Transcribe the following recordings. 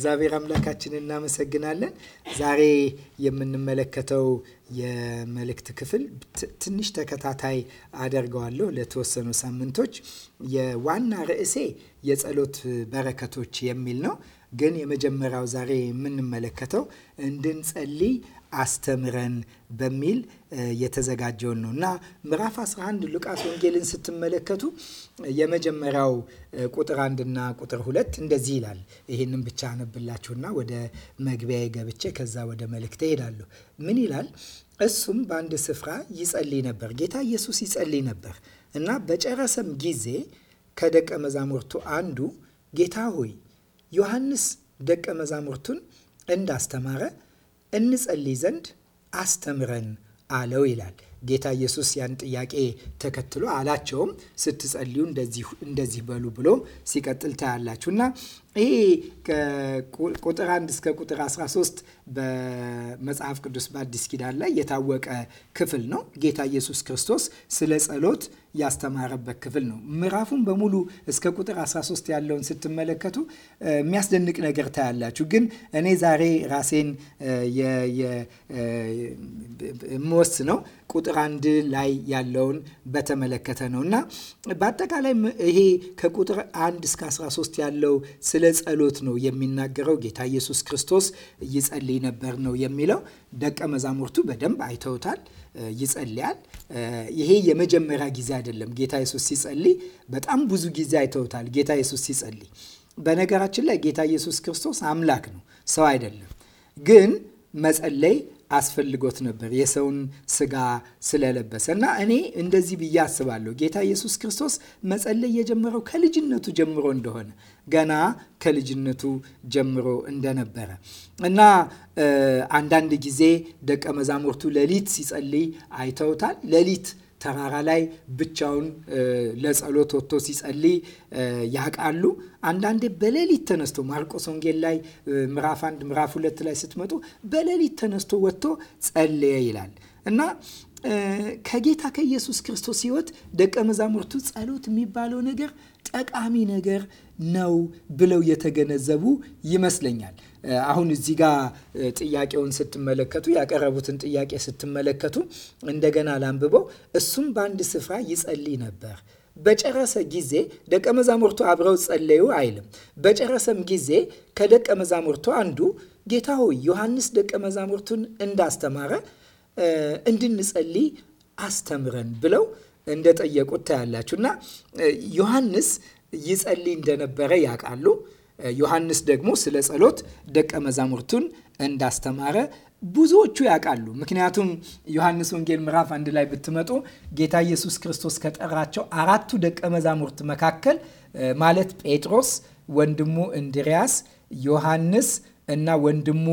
እግዚአብሔር አምላካችንን እናመሰግናለን። ዛሬ የምንመለከተው የመልእክት ክፍል ትንሽ ተከታታይ አደርገዋለሁ ለተወሰኑ ሳምንቶች። የዋና ርዕሴ የጸሎት በረከቶች የሚል ነው። ግን የመጀመሪያው ዛሬ የምንመለከተው እንድንጸልይ አስተምረን በሚል የተዘጋጀውን ነው እና ምዕራፍ 11 ሉቃስ ወንጌልን ስትመለከቱ የመጀመሪያው ቁጥር አንድና ቁጥር ሁለት እንደዚህ ይላል። ይህንም ብቻ አነብላችሁና ወደ መግቢያ ገብቼ ከዛ ወደ መልእክቴ እሄዳለሁ። ምን ይላል? እሱም በአንድ ስፍራ ይጸልይ ነበር። ጌታ ኢየሱስ ይጸልይ ነበር እና በጨረሰም ጊዜ ከደቀ መዛሙርቱ አንዱ ጌታ ሆይ ዮሐንስ ደቀ መዛሙርቱን እንዳስተማረ እንጸልይ ዘንድ አስተምረን አለው ይላል። ጌታ ኢየሱስ ያን ጥያቄ ተከትሎ አላቸውም ስትጸልዩ እንደዚህ በሉ ብሎ ሲቀጥል ታያላችሁ እና ይህ ቁጥር 1 እስከ ቁጥር 13 በመጽሐፍ ቅዱስ በአዲስ ኪዳን ላይ የታወቀ ክፍል ነው። ጌታ ኢየሱስ ክርስቶስ ስለ ጸሎት ያስተማረበት ክፍል ነው። ምዕራፉን በሙሉ እስከ ቁጥር 13 ያለውን ስትመለከቱ የሚያስደንቅ ነገር ታያላችሁ። ግን እኔ ዛሬ ራሴን የምወስ ነው ቁጥር አንድ ላይ ያለውን በተመለከተ ነው እና በአጠቃላይ ይሄ ከቁጥር 1 እስከ 13 ያለው ስለ ጸሎት ነው የሚናገረው። ጌታ ኢየሱስ ክርስቶስ ይጸልይ ነበር ነው የሚለው። ደቀ መዛሙርቱ በደንብ አይተውታል። ይጸልያል። ይሄ የመጀመሪያ ጊዜ አይደለም። ጌታ ኢየሱስ ሲጸልይ በጣም ብዙ ጊዜ አይተውታል። ጌታ ኢየሱስ ሲጸልይ በነገራችን ላይ ጌታ ኢየሱስ ክርስቶስ አምላክ ነው፣ ሰው አይደለም። ግን መጸለይ አስፈልጎት ነበር የሰውን ስጋ ስለለበሰ እና እኔ እንደዚህ ብዬ አስባለሁ ጌታ ኢየሱስ ክርስቶስ መጸለይ የጀመረው ከልጅነቱ ጀምሮ እንደሆነ ገና ከልጅነቱ ጀምሮ እንደነበረ እና አንዳንድ ጊዜ ደቀ መዛሙርቱ ሌሊት ሲጸልይ አይተውታል ሌሊት ተራራ ላይ ብቻውን ለጸሎት ወጥቶ ሲጸልይ ያውቃሉ። አንዳንዴ በሌሊት ተነስቶ ማርቆስ ወንጌል ላይ ምዕራፍ አንድ ምዕራፍ ሁለት ላይ ስትመጡ በሌሊት ተነስቶ ወጥቶ ጸለየ ይላል እና ከጌታ ከኢየሱስ ክርስቶስ ሕይወት ደቀ መዛሙርቱ ጸሎት የሚባለው ነገር ጠቃሚ ነገር ነው ብለው የተገነዘቡ ይመስለኛል። አሁን እዚህ ጋር ጥያቄውን ስትመለከቱ ያቀረቡትን ጥያቄ ስትመለከቱ እንደገና ላንብበው። እሱም በአንድ ስፍራ ይጸልይ ነበር። በጨረሰ ጊዜ ደቀ መዛሙርቱ አብረው ጸለዩ አይልም። በጨረሰም ጊዜ ከደቀ መዛሙርቱ አንዱ ጌታ ሆይ ዮሐንስ ደቀ መዛሙርቱን እንዳስተማረ እንድንጸልይ አስተምረን ብለው እንደጠየቁት ታያላችሁ እና ዮሐንስ ይጸልይ እንደነበረ ያውቃሉ። ዮሐንስ ደግሞ ስለ ጸሎት ደቀ መዛሙርቱን እንዳስተማረ ብዙዎቹ ያውቃሉ። ምክንያቱም ዮሐንስ ወንጌል ምዕራፍ አንድ ላይ ብትመጡ ጌታ ኢየሱስ ክርስቶስ ከጠራቸው አራቱ ደቀ መዛሙርት መካከል ማለት ጴጥሮስ፣ ወንድሙ እንድሪያስ፣ ዮሐንስ እና ወንድሙ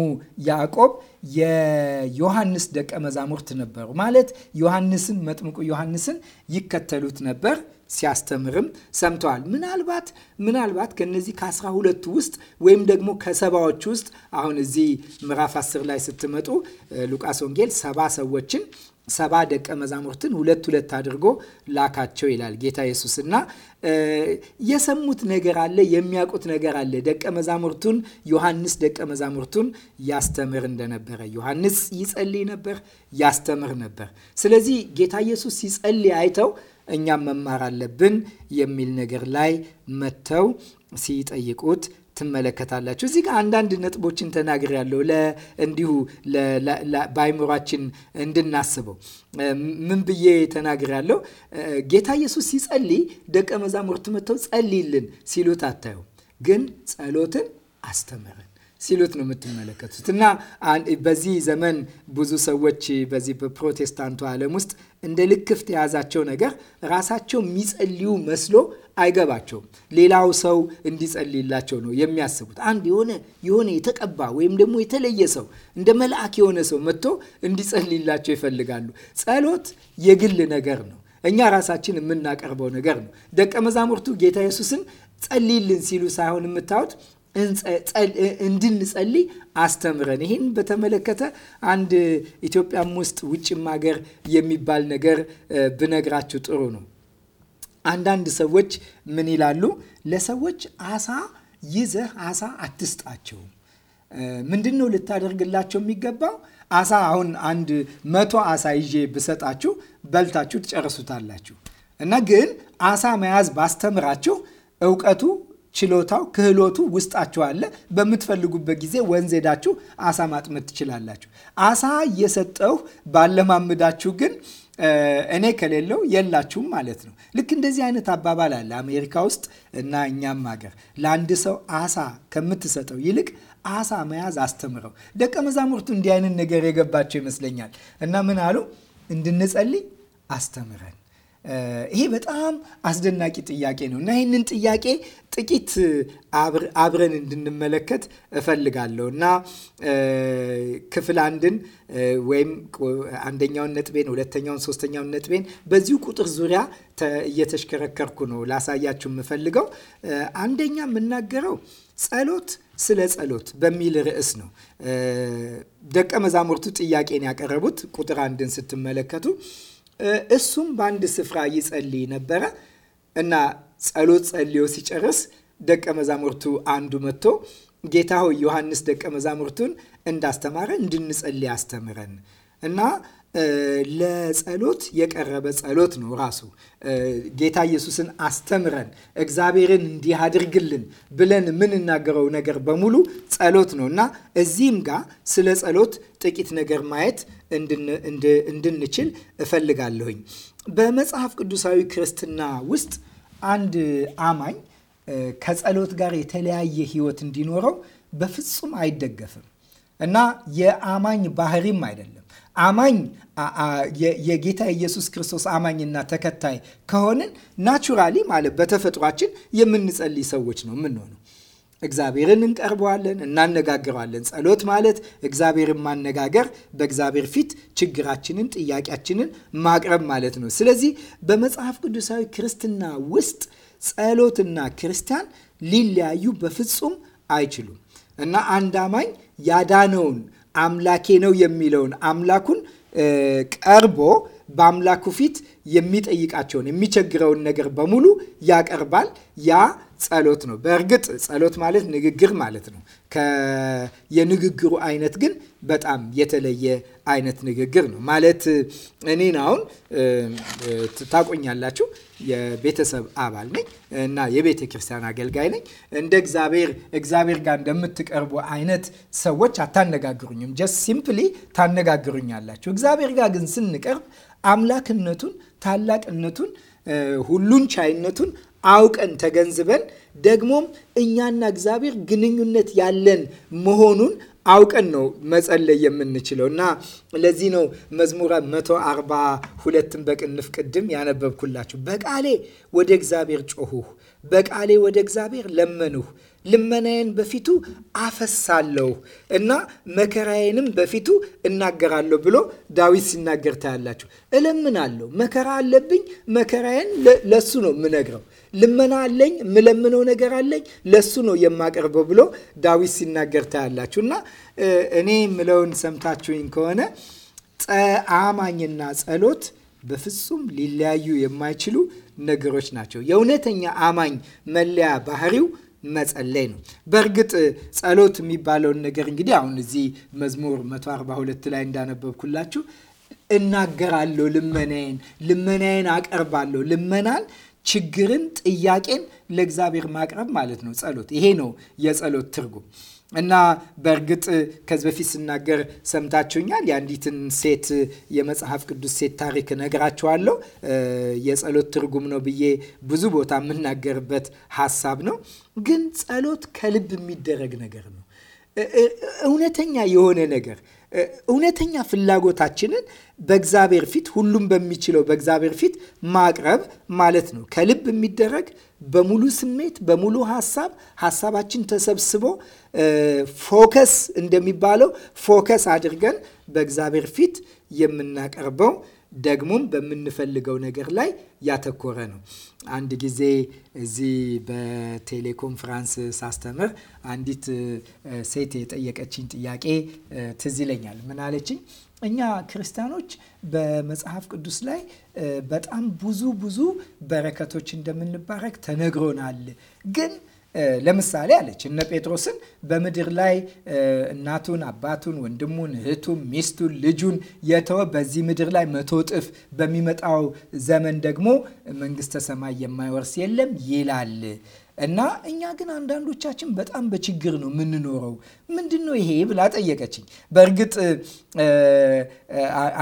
ያዕቆብ የዮሐንስ ደቀ መዛሙርት ነበሩ። ማለት ዮሐንስን መጥምቁ ዮሐንስን ይከተሉት ነበር። ሲያስተምርም ሰምተዋል። ምናልባት ምናልባት ከነዚህ ከአስራ ሁለቱ ውስጥ ወይም ደግሞ ከሰባዎች ውስጥ አሁን እዚህ ምዕራፍ አስር ላይ ስትመጡ ሉቃስ ወንጌል ሰባ ሰዎችን ሰባ ደቀ መዛሙርትን ሁለት ሁለት አድርጎ ላካቸው ይላል ጌታ ኢየሱስ። እና የሰሙት ነገር አለ፣ የሚያውቁት ነገር አለ። ደቀ መዛሙርቱን ዮሐንስ ደቀ መዛሙርቱን ያስተምር እንደነበረ ዮሐንስ ይጸልይ ነበር፣ ያስተምር ነበር። ስለዚህ ጌታ ኢየሱስ ሲጸልይ አይተው እኛም መማር አለብን የሚል ነገር ላይ መጥተው ሲጠይቁት ትመለከታላችሁ። እዚህ ጋር አንዳንድ ነጥቦችን ተናግር ያለው እንዲሁ በአይምሯችን እንድናስበው ምን ብዬ ተናግር ያለው ጌታ ኢየሱስ ሲጸልይ ደቀ መዛሙርት መጥተው ጸልይልን ሲሉት አታዩ፣ ግን ጸሎትን አስተምረ ሲሉት ነው የምትመለከቱት። እና በዚህ ዘመን ብዙ ሰዎች በዚህ በፕሮቴስታንቱ ዓለም ውስጥ እንደ ልክፍት የያዛቸው ነገር ራሳቸው የሚጸልዩ መስሎ አይገባቸውም። ሌላው ሰው እንዲጸልይላቸው ነው የሚያስቡት። አንድ የሆነ የሆነ የተቀባ ወይም ደግሞ የተለየ ሰው እንደ መልአክ የሆነ ሰው መጥቶ እንዲጸልይላቸው ይፈልጋሉ። ጸሎት የግል ነገር ነው። እኛ ራሳችን የምናቀርበው ነገር ነው። ደቀ መዛሙርቱ ጌታ ኢየሱስን ጸልይልን ሲሉ ሳይሆን የምታዩት እንድንጸልይ አስተምረን። ይህን በተመለከተ አንድ ኢትዮጵያም ውስጥ ውጭም ሀገር የሚባል ነገር ብነግራችሁ ጥሩ ነው። አንዳንድ ሰዎች ምን ይላሉ? ለሰዎች አሳ ይዘህ አሳ አትስጣቸው። ምንድን ነው ልታደርግላቸው የሚገባው? አሳ አሁን አንድ መቶ አሳ ይዤ ብሰጣችሁ በልታችሁ ትጨርሱታላችሁ እና ግን አሳ መያዝ ባስተምራችሁ እውቀቱ ችሎታው፣ ክህሎቱ ውስጣችሁ አለ። በምትፈልጉበት ጊዜ ወንዝ ሄዳችሁ አሳ ማጥመድ ትችላላችሁ። አሳ እየሰጠሁ ባለማምዳችሁ ግን እኔ ከሌለው የላችሁም ማለት ነው። ልክ እንደዚህ አይነት አባባል አለ አሜሪካ ውስጥ እና እኛም ሀገር ለአንድ ሰው አሳ ከምትሰጠው ይልቅ አሳ መያዝ አስተምረው። ደቀ መዛሙርቱ እንዲህ አይነት ነገር የገባቸው ይመስለኛል እና ምን አሉ? እንድንጸልይ አስተምረን ይሄ በጣም አስደናቂ ጥያቄ ነው እና ይህንን ጥያቄ ጥቂት አብረን እንድንመለከት እፈልጋለሁ እና ክፍል አንድን ወይም አንደኛውን ነጥቤን፣ ሁለተኛውን፣ ሶስተኛውን ነጥቤን በዚሁ ቁጥር ዙሪያ እየተሽከረከርኩ ነው ላሳያችሁ የምፈልገው። አንደኛ የምናገረው ጸሎት ስለ ጸሎት በሚል ርዕስ ነው። ደቀ መዛሙርቱ ጥያቄን ያቀረቡት ቁጥር አንድን ስትመለከቱ እሱም በአንድ ስፍራ ይጸልይ ነበረ እና ጸሎት ጸልዮ ሲጨርስ ደቀ መዛሙርቱ አንዱ መጥቶ ጌታ ሆይ ዮሐንስ ደቀ መዛሙርቱን እንዳስተማረ እንድንጸልይ አስተምረን እና ለጸሎት የቀረበ ጸሎት ነው ራሱ። ጌታ ኢየሱስን አስተምረን እግዚአብሔርን እንዲህ አድርግልን ብለን የምንናገረው ነገር በሙሉ ጸሎት ነው እና እዚህም ጋር ስለ ጸሎት ጥቂት ነገር ማየት እንድንችል እፈልጋለሁኝ። በመጽሐፍ ቅዱሳዊ ክርስትና ውስጥ አንድ አማኝ ከጸሎት ጋር የተለያየ ሕይወት እንዲኖረው በፍጹም አይደገፍም። እና የአማኝ ባህሪም አይደለም። አማኝ የጌታ ኢየሱስ ክርስቶስ አማኝና ተከታይ ከሆንን ናቹራሊ ማለት በተፈጥሯችን የምንጸልይ ሰዎች ነው የምንሆነው። እግዚአብሔርን እንቀርበዋለን፣ እናነጋግረዋለን። ጸሎት ማለት እግዚአብሔርን ማነጋገር፣ በእግዚአብሔር ፊት ችግራችንን፣ ጥያቄያችንን ማቅረብ ማለት ነው። ስለዚህ በመጽሐፍ ቅዱሳዊ ክርስትና ውስጥ ጸሎትና ክርስቲያን ሊለያዩ በፍጹም አይችሉም። እና አንድ አማኝ ያዳነውን አምላኬ ነው የሚለውን አምላኩን ቀርቦ በአምላኩ ፊት የሚጠይቃቸውን የሚቸግረውን ነገር በሙሉ ያቀርባል። ያ ጸሎት ነው። በእርግጥ ጸሎት ማለት ንግግር ማለት ነው። የንግግሩ አይነት ግን በጣም የተለየ አይነት ንግግር ነው። ማለት እኔን አሁን ታቆኛላችሁ፣ የቤተሰብ አባል ነኝ እና የቤተ ክርስቲያን አገልጋይ ነኝ። እንደ እግዚአብሔር እግዚአብሔር ጋር እንደምትቀርቡ አይነት ሰዎች አታነጋግሩኝም። ጀስት ሲምፕሊ ታነጋግሩኛላችሁ። እግዚአብሔር ጋር ግን ስንቀርብ አምላክነቱን ታላቅነቱን ሁሉን ቻይነቱን አውቀን ተገንዝበን ደግሞም እኛና እግዚአብሔር ግንኙነት ያለን መሆኑን አውቀን ነው መጸለይ የምንችለው እና ለዚህ ነው መዝሙረ 142ን በቅንፍ ቅድም ያነበብኩላችሁ። በቃሌ ወደ እግዚአብሔር ጮሁህ፣ በቃሌ ወደ እግዚአብሔር ለመንሁ፣ ልመናዬን በፊቱ አፈሳለሁ እና መከራዬንም በፊቱ እናገራለሁ ብሎ ዳዊት ሲናገር ታያላችሁ። እለምናለሁ፣ መከራ አለብኝ፣ መከራዬን ለሱ ነው የምነግረው። ልመና አለኝ፣ ምለምነው ነገር አለኝ፣ ለሱ ነው የማቀርበው ብሎ ዳዊት ሲናገር ታያላችሁ። እና እኔ ምለውን ሰምታችሁኝ ከሆነ አማኝና ጸሎት በፍጹም ሊለያዩ የማይችሉ ነገሮች ናቸው። የእውነተኛ አማኝ መለያ ባህሪው መጸለይ ነው። በእርግጥ ጸሎት የሚባለውን ነገር እንግዲህ አሁን እዚህ መዝሙር 142 ላይ እንዳነበብኩላችሁ እናገራለሁ፣ ልመናዬን ልመናዬን አቀርባለሁ። ልመናን፣ ችግርን፣ ጥያቄን ለእግዚአብሔር ማቅረብ ማለት ነው ጸሎት። ይሄ ነው የጸሎት ትርጉም። እና በእርግጥ ከዚህ በፊት ስናገር ሰምታችሁኛል። የአንዲትን ሴት የመጽሐፍ ቅዱስ ሴት ታሪክ ነግራችኋለሁ። የጸሎት ትርጉም ነው ብዬ ብዙ ቦታ የምናገርበት ሀሳብ ነው። ግን ጸሎት ከልብ የሚደረግ ነገር ነው። እውነተኛ የሆነ ነገር እውነተኛ ፍላጎታችንን በእግዚአብሔር ፊት ሁሉም በሚችለው በእግዚአብሔር ፊት ማቅረብ ማለት ነው። ከልብ የሚደረግ በሙሉ ስሜት በሙሉ ሀሳብ ሀሳባችን ተሰብስቦ ፎከስ እንደሚባለው ፎከስ አድርገን በእግዚአብሔር ፊት የምናቀርበው ደግሞም በምንፈልገው ነገር ላይ ያተኮረ ነው። አንድ ጊዜ እዚህ በቴሌኮንፍራንስ ሳስተምር አንዲት ሴት የጠየቀችኝ ጥያቄ ትዝ ይለኛል። ምን አለችኝ? እኛ ክርስቲያኖች በመጽሐፍ ቅዱስ ላይ በጣም ብዙ ብዙ በረከቶች እንደምንባረክ ተነግሮናል ግን ለምሳሌ አለች እነ ጴጥሮስን በምድር ላይ እናቱን፣ አባቱን፣ ወንድሙን፣ እህቱን፣ ሚስቱን፣ ልጁን የተወ በዚህ ምድር ላይ መቶ እጥፍ በሚመጣው ዘመን ደግሞ መንግስተ ሰማይ የማይወርስ የለም ይላል እና እኛ ግን አንዳንዶቻችን በጣም በችግር ነው የምንኖረው። ምንድን ነው ይሄ ብላ ጠየቀችኝ። በእርግጥ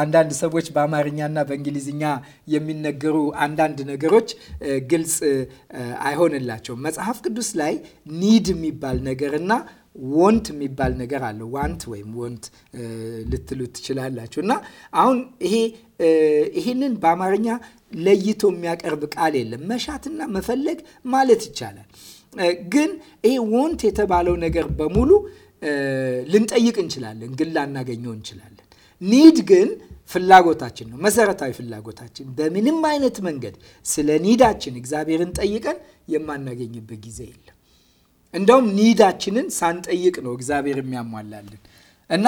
አንዳንድ ሰዎች በአማርኛና በእንግሊዝኛ የሚነገሩ አንዳንድ ነገሮች ግልጽ አይሆንላቸውም። መጽሐፍ ቅዱስ ላይ ኒድ የሚባል ነገርና ወንት የሚባል ነገር አለው። ዋንት ወይም ወንት ልትሉ ትችላላችሁ። እና አሁን ይሄ ይህንን በአማርኛ ለይቶ የሚያቀርብ ቃል የለም። መሻትና መፈለግ ማለት ይቻላል። ግን ይሄ ወንት የተባለው ነገር በሙሉ ልንጠይቅ እንችላለን፣ ግን ላናገኘው እንችላለን። ኒድ ግን ፍላጎታችን ነው፣ መሰረታዊ ፍላጎታችን። በምንም አይነት መንገድ ስለ ኒዳችን እግዚአብሔርን ጠይቀን የማናገኝበት ጊዜ የለም። እንደውም ኒዳችንን ሳንጠይቅ ነው እግዚአብሔር የሚያሟላልን። እና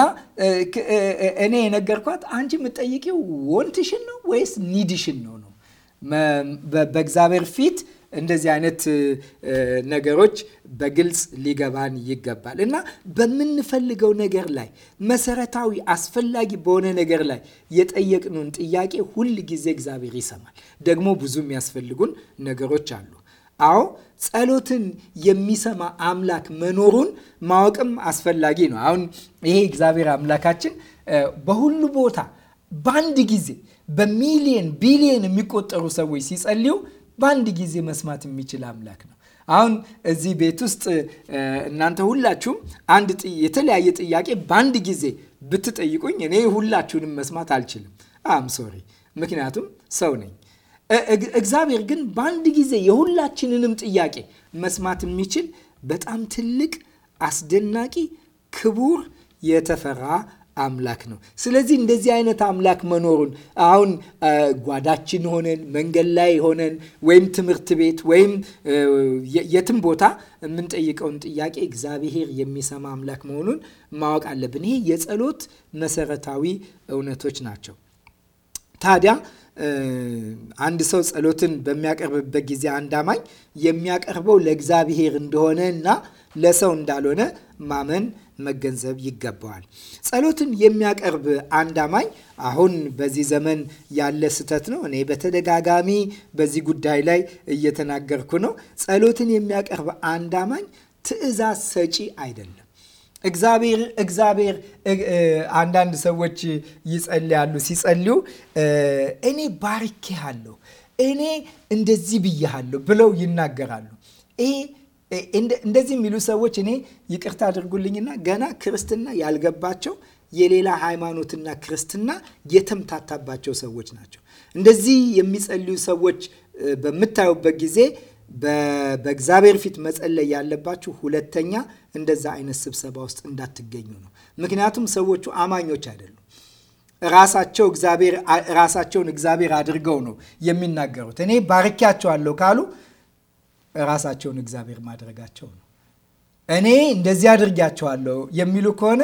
እኔ የነገርኳት አንቺ የምትጠይቂው ወንትሽን ነው ወይስ ኒድሽን ነው በእግዚአብሔር ፊት እንደዚህ አይነት ነገሮች በግልጽ ሊገባን ይገባል እና በምንፈልገው ነገር ላይ መሰረታዊ አስፈላጊ በሆነ ነገር ላይ የጠየቅነውን ጥያቄ ሁል ጊዜ እግዚአብሔር ይሰማል። ደግሞ ብዙ የሚያስፈልጉን ነገሮች አሉ። አዎ ጸሎትን የሚሰማ አምላክ መኖሩን ማወቅም አስፈላጊ ነው። አሁን ይሄ እግዚአብሔር አምላካችን በሁሉ ቦታ በአንድ ጊዜ በሚሊየን ቢሊየን የሚቆጠሩ ሰዎች ሲጸልዩ በአንድ ጊዜ መስማት የሚችል አምላክ ነው። አሁን እዚህ ቤት ውስጥ እናንተ ሁላችሁም አንድ የተለያየ ጥያቄ በአንድ ጊዜ ብትጠይቁኝ እኔ ሁላችሁንም መስማት አልችልም። አም ሶሪ፣ ምክንያቱም ሰው ነኝ። እግዚአብሔር ግን በአንድ ጊዜ የሁላችንንም ጥያቄ መስማት የሚችል በጣም ትልቅ አስደናቂ ክቡር የተፈራ አምላክ ነው። ስለዚህ እንደዚህ አይነት አምላክ መኖሩን አሁን ጓዳችን ሆነን መንገድ ላይ ሆነን ወይም ትምህርት ቤት ወይም የትም ቦታ የምንጠይቀውን ጥያቄ እግዚአብሔር የሚሰማ አምላክ መሆኑን ማወቅ አለብን። ይሄ የጸሎት መሰረታዊ እውነቶች ናቸው። ታዲያ አንድ ሰው ጸሎትን በሚያቀርብበት ጊዜ አንድ አማኝ የሚያቀርበው ለእግዚአብሔር እንደሆነ እና ለሰው እንዳልሆነ ማመን መገንዘብ ይገባዋል። ጸሎትን የሚያቀርብ አንድ አማኝ አሁን በዚህ ዘመን ያለ ስህተት ነው። እኔ በተደጋጋሚ በዚህ ጉዳይ ላይ እየተናገርኩ ነው። ጸሎትን የሚያቀርብ አንድ አማኝ ትእዛዝ ሰጪ አይደለም። እግዚአብሔር እግዚአብሔር አንዳንድ ሰዎች ይጸልያሉ። ሲጸልዩ እኔ ባርኬሃለሁ፣ እኔ እንደዚህ ብያሃለሁ ብለው ይናገራሉ። ይሄ እንደዚህ የሚሉ ሰዎች እኔ ይቅርታ አድርጉልኝና ገና ክርስትና ያልገባቸው የሌላ ሃይማኖትና ክርስትና የተምታታባቸው ሰዎች ናቸው። እንደዚህ የሚጸልዩ ሰዎች በምታዩበት ጊዜ በእግዚአብሔር ፊት መጸለይ ያለባችሁ ሁለተኛ እንደዛ አይነት ስብሰባ ውስጥ እንዳትገኙ ነው። ምክንያቱም ሰዎቹ አማኞች አይደሉም። ራሳቸው እግዚአብሔር ራሳቸውን እግዚአብሔር አድርገው ነው የሚናገሩት። እኔ ባርኪያቸዋለሁ ካሉ ራሳቸውን እግዚአብሔር ማድረጋቸው ነው። እኔ እንደዚህ አድርጊያቸዋለሁ የሚሉ ከሆነ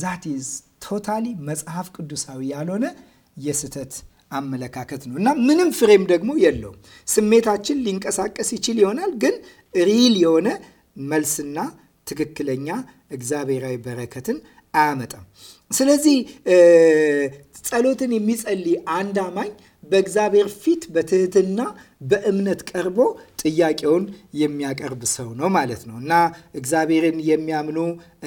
ዛት ኢዝ ቶታሊ መጽሐፍ ቅዱሳዊ ያልሆነ የስህተት አመለካከት ነው እና ምንም ፍሬም ደግሞ የለውም። ስሜታችን ሊንቀሳቀስ ይችል ይሆናል፣ ግን ሪል የሆነ መልስና ትክክለኛ እግዚአብሔራዊ በረከትን አያመጣም። ስለዚህ ጸሎትን የሚጸልይ አንድ አማኝ በእግዚአብሔር ፊት በትህትና በእምነት ቀርቦ ጥያቄውን የሚያቀርብ ሰው ነው ማለት ነው እና እግዚአብሔርን የሚያምኑ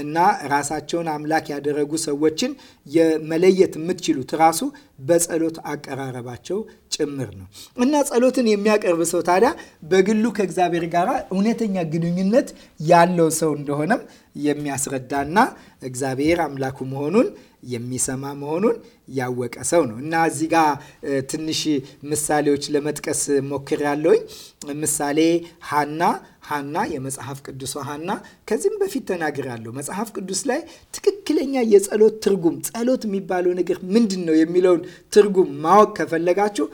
እና ራሳቸውን አምላክ ያደረጉ ሰዎችን የመለየት የምትችሉት ራሱ በጸሎት አቀራረባቸው ጭምር ነው እና ጸሎትን የሚያቀርብ ሰው ታዲያ በግሉ ከእግዚአብሔር ጋር እውነተኛ ግንኙነት ያለው ሰው እንደሆነም የሚያስረዳና እግዚአብሔር አምላኩ መሆኑን የሚሰማ መሆኑን ያወቀ ሰው ነው እና እዚህ ጋ ትንሽ ምሳሌዎች ለመጥቀስ ሞክር ያለውኝ ምሳሌ ሀና ሀና የመጽሐፍ ቅዱስ ሀና ከዚህም በፊት ተናግራለሁ። መጽሐፍ ቅዱስ ላይ ትክክለኛ የጸሎት ትርጉም ጸሎት የሚባለው ነገር ምንድን ነው የሚለውን ትርጉም ማወቅ ከፈለጋችሁ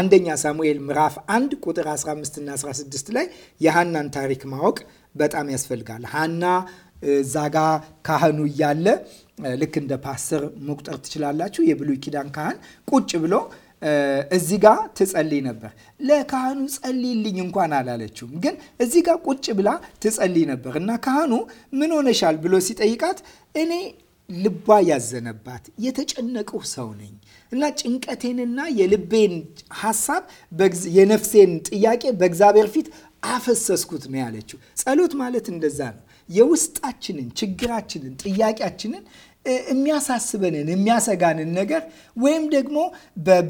አንደኛ ሳሙኤል ምዕራፍ 1 ቁጥር 15 እና 16 ላይ የሀናን ታሪክ ማወቅ በጣም ያስፈልጋል። ሀና እዛ ጋ ካህኑ እያለ ልክ እንደ ፓስተር መቁጠር ትችላላችሁ። የብሉይ ኪዳን ካህን ቁጭ ብሎ እዚህ ጋ ትጸልይ ነበር። ለካህኑ ጸልይልኝ እንኳን አላለችውም፣ ግን እዚህ ጋ ቁጭ ብላ ትጸልይ ነበር እና ካህኑ ምን ሆነሻል ብሎ ሲጠይቃት እኔ ልቧ ያዘነባት የተጨነቀው ሰው ነኝ እና ጭንቀቴንና የልቤን ሀሳብ የነፍሴን ጥያቄ በእግዚአብሔር ፊት አፈሰስኩት ነው ያለችው። ጸሎት ማለት እንደዛ ነው። የውስጣችንን ችግራችንን፣ ጥያቄያችንን የሚያሳስበንን የሚያሰጋንን ነገር ወይም ደግሞ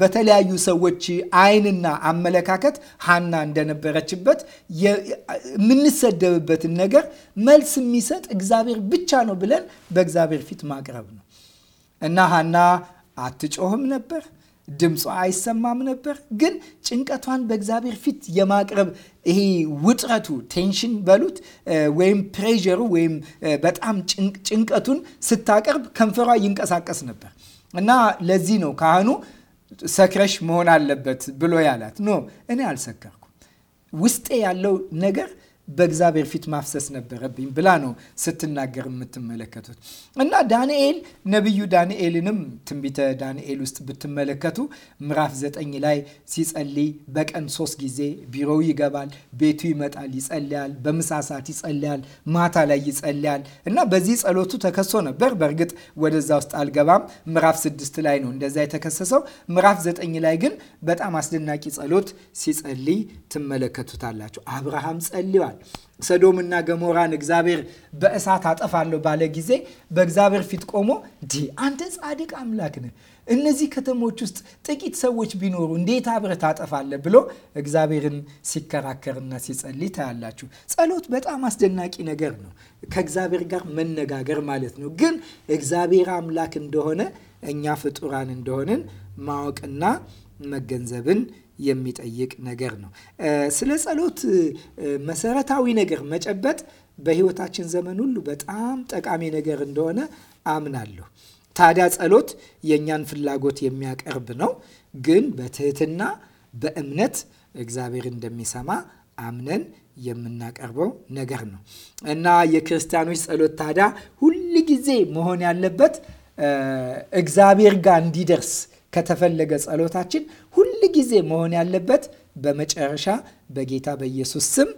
በተለያዩ ሰዎች አይንና አመለካከት ሀና እንደነበረችበት የምንሰደብበትን ነገር መልስ የሚሰጥ እግዚአብሔር ብቻ ነው ብለን በእግዚአብሔር ፊት ማቅረብ ነው እና ሀና አትጮህም ነበር። ድምጿ አይሰማም ነበር። ግን ጭንቀቷን በእግዚአብሔር ፊት የማቅረብ ይሄ ውጥረቱ ቴንሽን በሉት ወይም ፕሬሩ ወይም በጣም ጭንቀቱን ስታቀርብ ከንፈሯ ይንቀሳቀስ ነበር እና ለዚህ ነው ካህኑ ሰክረሽ መሆን አለበት ብሎ ያላት። ኖ እኔ አልሰከርኩም። ውስጤ ያለው ነገር በእግዚአብሔር ፊት ማፍሰስ ነበረብኝ ብላ ነው ስትናገር የምትመለከቱት። እና ዳንኤል ነቢዩ ዳንኤልንም ትንቢተ ዳንኤል ውስጥ ብትመለከቱ ምዕራፍ ዘጠኝ ላይ ሲጸልይ በቀን ሶስት ጊዜ ቢሮው ይገባል፣ ቤቱ ይመጣል፣ ይጸልያል፣ በምሳ ሰዓት ይጸልያል፣ ማታ ላይ ይጸልያል እና በዚህ ጸሎቱ ተከሶ ነበር። በእርግጥ ወደዛ ውስጥ አልገባም። ምዕራፍ ስድስት ላይ ነው እንደዛ የተከሰሰው። ምዕራፍ ዘጠኝ ላይ ግን በጣም አስደናቂ ጸሎት ሲጸልይ ትመለከቱታላችሁ። አብርሃም ጸልዋል ይላል። ሰዶምና ገሞራን እግዚአብሔር በእሳት አጠፋለሁ ባለ ጊዜ በእግዚአብሔር ፊት ቆሞ ዲ አንተ ጻድቅ አምላክ ነህ፣ እነዚህ ከተሞች ውስጥ ጥቂት ሰዎች ቢኖሩ እንዴት አብረህ ታጠፋለህ ብሎ እግዚአብሔርን ሲከራከርና ሲጸልይ ታያላችሁ። ጸሎት በጣም አስደናቂ ነገር ነው። ከእግዚአብሔር ጋር መነጋገር ማለት ነው። ግን እግዚአብሔር አምላክ እንደሆነ እኛ ፍጡራን እንደሆንን ማወቅና መገንዘብን የሚጠይቅ ነገር ነው። ስለ ጸሎት መሰረታዊ ነገር መጨበጥ በህይወታችን ዘመን ሁሉ በጣም ጠቃሚ ነገር እንደሆነ አምናለሁ። ታዲያ ጸሎት የእኛን ፍላጎት የሚያቀርብ ነው። ግን በትህትና በእምነት እግዚአብሔር እንደሚሰማ አምነን የምናቀርበው ነገር ነው እና የክርስቲያኖች ጸሎት ታዲያ ሁል ጊዜ መሆን ያለበት እግዚአብሔር ጋር እንዲደርስ ከተፈለገ ጸሎታችን ሁል ጊዜ መሆን ያለበት በመጨረሻ በጌታ በኢየሱስ ስም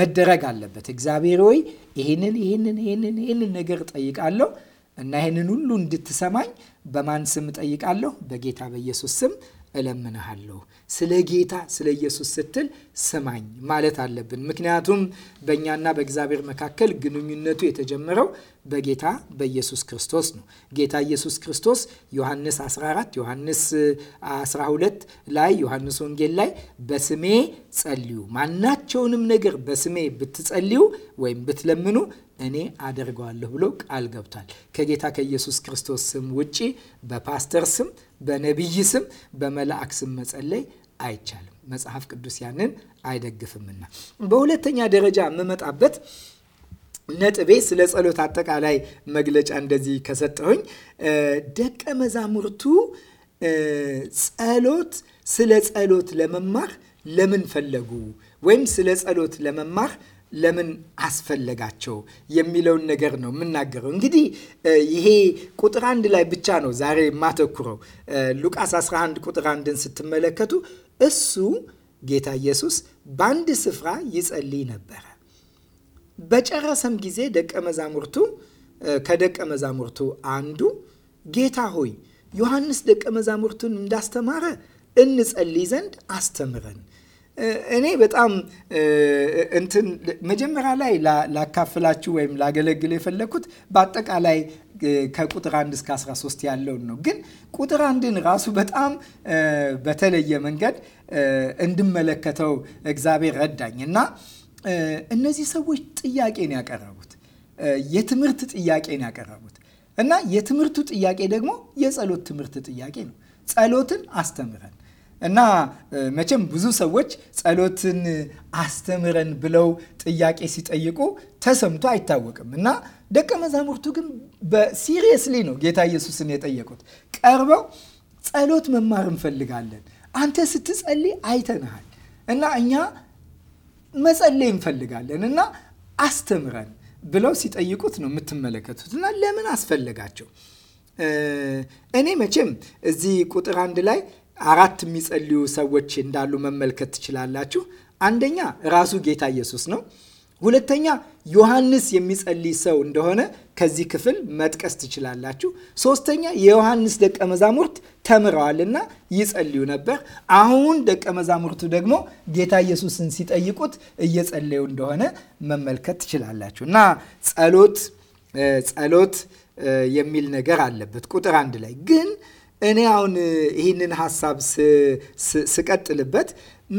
መደረግ አለበት። እግዚአብሔር ሆይ ይህንን ይህንን ይህንን ይህንን ነገር እጠይቃለሁ እና ይህንን ሁሉ እንድትሰማኝ በማን ስም እጠይቃለሁ? በጌታ በኢየሱስ ስም እለምንሃለሁ ስለ ጌታ ስለ ኢየሱስ ስትል ስማኝ ማለት አለብን። ምክንያቱም በእኛና በእግዚአብሔር መካከል ግንኙነቱ የተጀመረው በጌታ በኢየሱስ ክርስቶስ ነው። ጌታ ኢየሱስ ክርስቶስ ዮሐንስ 14 ዮሐንስ 12 ላይ ዮሐንስ ወንጌል ላይ በስሜ ጸልዩ፣ ማናቸውንም ነገር በስሜ ብትጸልዩ ወይም ብትለምኑ እኔ አደርገዋለሁ ብሎ ቃል ገብቷል። ከጌታ ከኢየሱስ ክርስቶስ ስም ውጪ በፓስተር ስም በነቢይ ስም በመላእክ ስም መጸለይ አይቻልም። መጽሐፍ ቅዱስ ያንን አይደግፍምና። በሁለተኛ ደረጃ የምመጣበት ነጥቤ ስለ ጸሎት አጠቃላይ መግለጫ እንደዚህ ከሰጠሁኝ ደቀ መዛሙርቱ ጸሎት ስለ ጸሎት ለመማር ለምን ፈለጉ ወይም ስለ ጸሎት ለመማር ለምን አስፈለጋቸው የሚለውን ነገር ነው የምናገረው። እንግዲህ ይሄ ቁጥር አንድ ላይ ብቻ ነው ዛሬ የማተኩረው። ሉቃስ 11 ቁጥር አንድን ስትመለከቱ እሱ ጌታ ኢየሱስ በአንድ ስፍራ ይጸልይ ነበረ። በጨረሰም ጊዜ ደቀ መዛሙርቱ ከደቀ መዛሙርቱ አንዱ ጌታ ሆይ ዮሐንስ ደቀ መዛሙርቱን እንዳስተማረ እንጸልይ ዘንድ አስተምረን እኔ በጣም እንትን መጀመሪያ ላይ ላካፍላችሁ ወይም ላገለግል የፈለግኩት በአጠቃላይ ከቁጥር 1 እስከ 13 ያለውን ነው። ግን ቁጥር አንድን ራሱ በጣም በተለየ መንገድ እንድመለከተው እግዚአብሔር ረዳኝ እና እነዚህ ሰዎች ጥያቄን ያቀረቡት የትምህርት ጥያቄን ያቀረቡት እና የትምህርቱ ጥያቄ ደግሞ የጸሎት ትምህርት ጥያቄ ነው። ጸሎትን አስተምረን እና መቼም ብዙ ሰዎች ጸሎትን አስተምረን ብለው ጥያቄ ሲጠይቁ ተሰምቶ አይታወቅም እና ደቀ መዛሙርቱ ግን በሲሪየስሊ ነው ጌታ ኢየሱስን የጠየቁት። ቀርበው ጸሎት መማር እንፈልጋለን፣ አንተ ስትጸልይ አይተንሃል እና እኛ መጸለይ እንፈልጋለን እና አስተምረን ብለው ሲጠይቁት ነው የምትመለከቱት። እና ለምን አስፈለጋቸው? እኔ መቼም እዚህ ቁጥር አንድ ላይ አራት የሚጸልዩ ሰዎች እንዳሉ መመልከት ትችላላችሁ። አንደኛ ራሱ ጌታ ኢየሱስ ነው። ሁለተኛ ዮሐንስ የሚጸልይ ሰው እንደሆነ ከዚህ ክፍል መጥቀስ ትችላላችሁ። ሶስተኛ የዮሐንስ ደቀ መዛሙርት ተምረዋልና ይጸልዩ ነበር። አሁን ደቀ መዛሙርቱ ደግሞ ጌታ ኢየሱስን ሲጠይቁት እየጸለዩ እንደሆነ መመልከት ትችላላችሁ። እና ጸሎት ጸሎት የሚል ነገር አለበት ቁጥር አንድ ላይ ግን እኔ አሁን ይህንን ሀሳብ ስቀጥልበት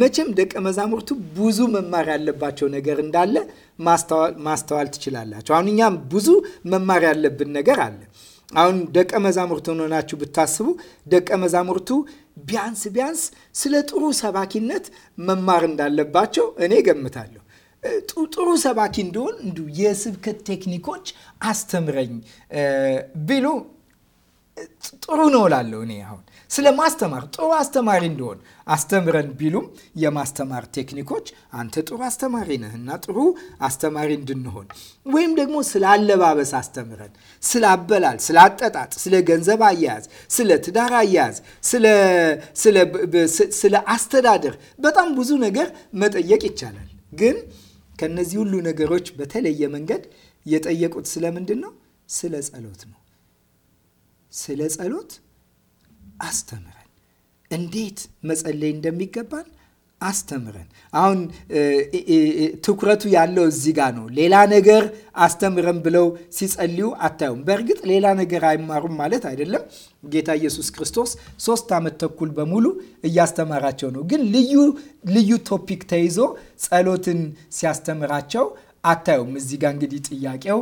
መቼም ደቀ መዛሙርቱ ብዙ መማር ያለባቸው ነገር እንዳለ ማስተዋል ትችላላቸው። አሁን እኛም ብዙ መማር ያለብን ነገር አለ። አሁን ደቀ መዛሙርቱ ሆናችሁ ብታስቡ ደቀ መዛሙርቱ ቢያንስ ቢያንስ ስለ ጥሩ ሰባኪነት መማር እንዳለባቸው እኔ ገምታለሁ። ጥሩ ሰባኪ እንደሆን እንዲሁ የስብከት ቴክኒኮች አስተምረኝ ቢሉ ጥሩ ነው ላለው እኔ አሁን ስለ ማስተማር ጥሩ አስተማሪ እንደሆን አስተምረን ቢሉም የማስተማር ቴክኒኮች አንተ ጥሩ አስተማሪ ነህ እና ጥሩ አስተማሪ እንድንሆን ወይም ደግሞ ስለ አለባበስ አስተምረን፣ ስለ አበላል፣ ስለ አጠጣጥ፣ ስለ ገንዘብ አያያዝ፣ ስለ ትዳር አያያዝ፣ ስለ አስተዳደር በጣም ብዙ ነገር መጠየቅ ይቻላል። ግን ከነዚህ ሁሉ ነገሮች በተለየ መንገድ የጠየቁት ስለምንድን ነው? ስለ ጸሎት ነው። ስለ ጸሎት አስተምረን፣ እንዴት መጸለይ እንደሚገባን አስተምረን። አሁን ትኩረቱ ያለው እዚህ ጋር ነው። ሌላ ነገር አስተምረን ብለው ሲጸልዩ አታዩም። በእርግጥ ሌላ ነገር አይማሩም ማለት አይደለም። ጌታ ኢየሱስ ክርስቶስ ሶስት ዓመት ተኩል በሙሉ እያስተማራቸው ነው። ግን ልዩ ልዩ ቶፒክ ተይዞ ጸሎትን ሲያስተምራቸው አታዩም። እዚህ ጋር እንግዲህ ጥያቄው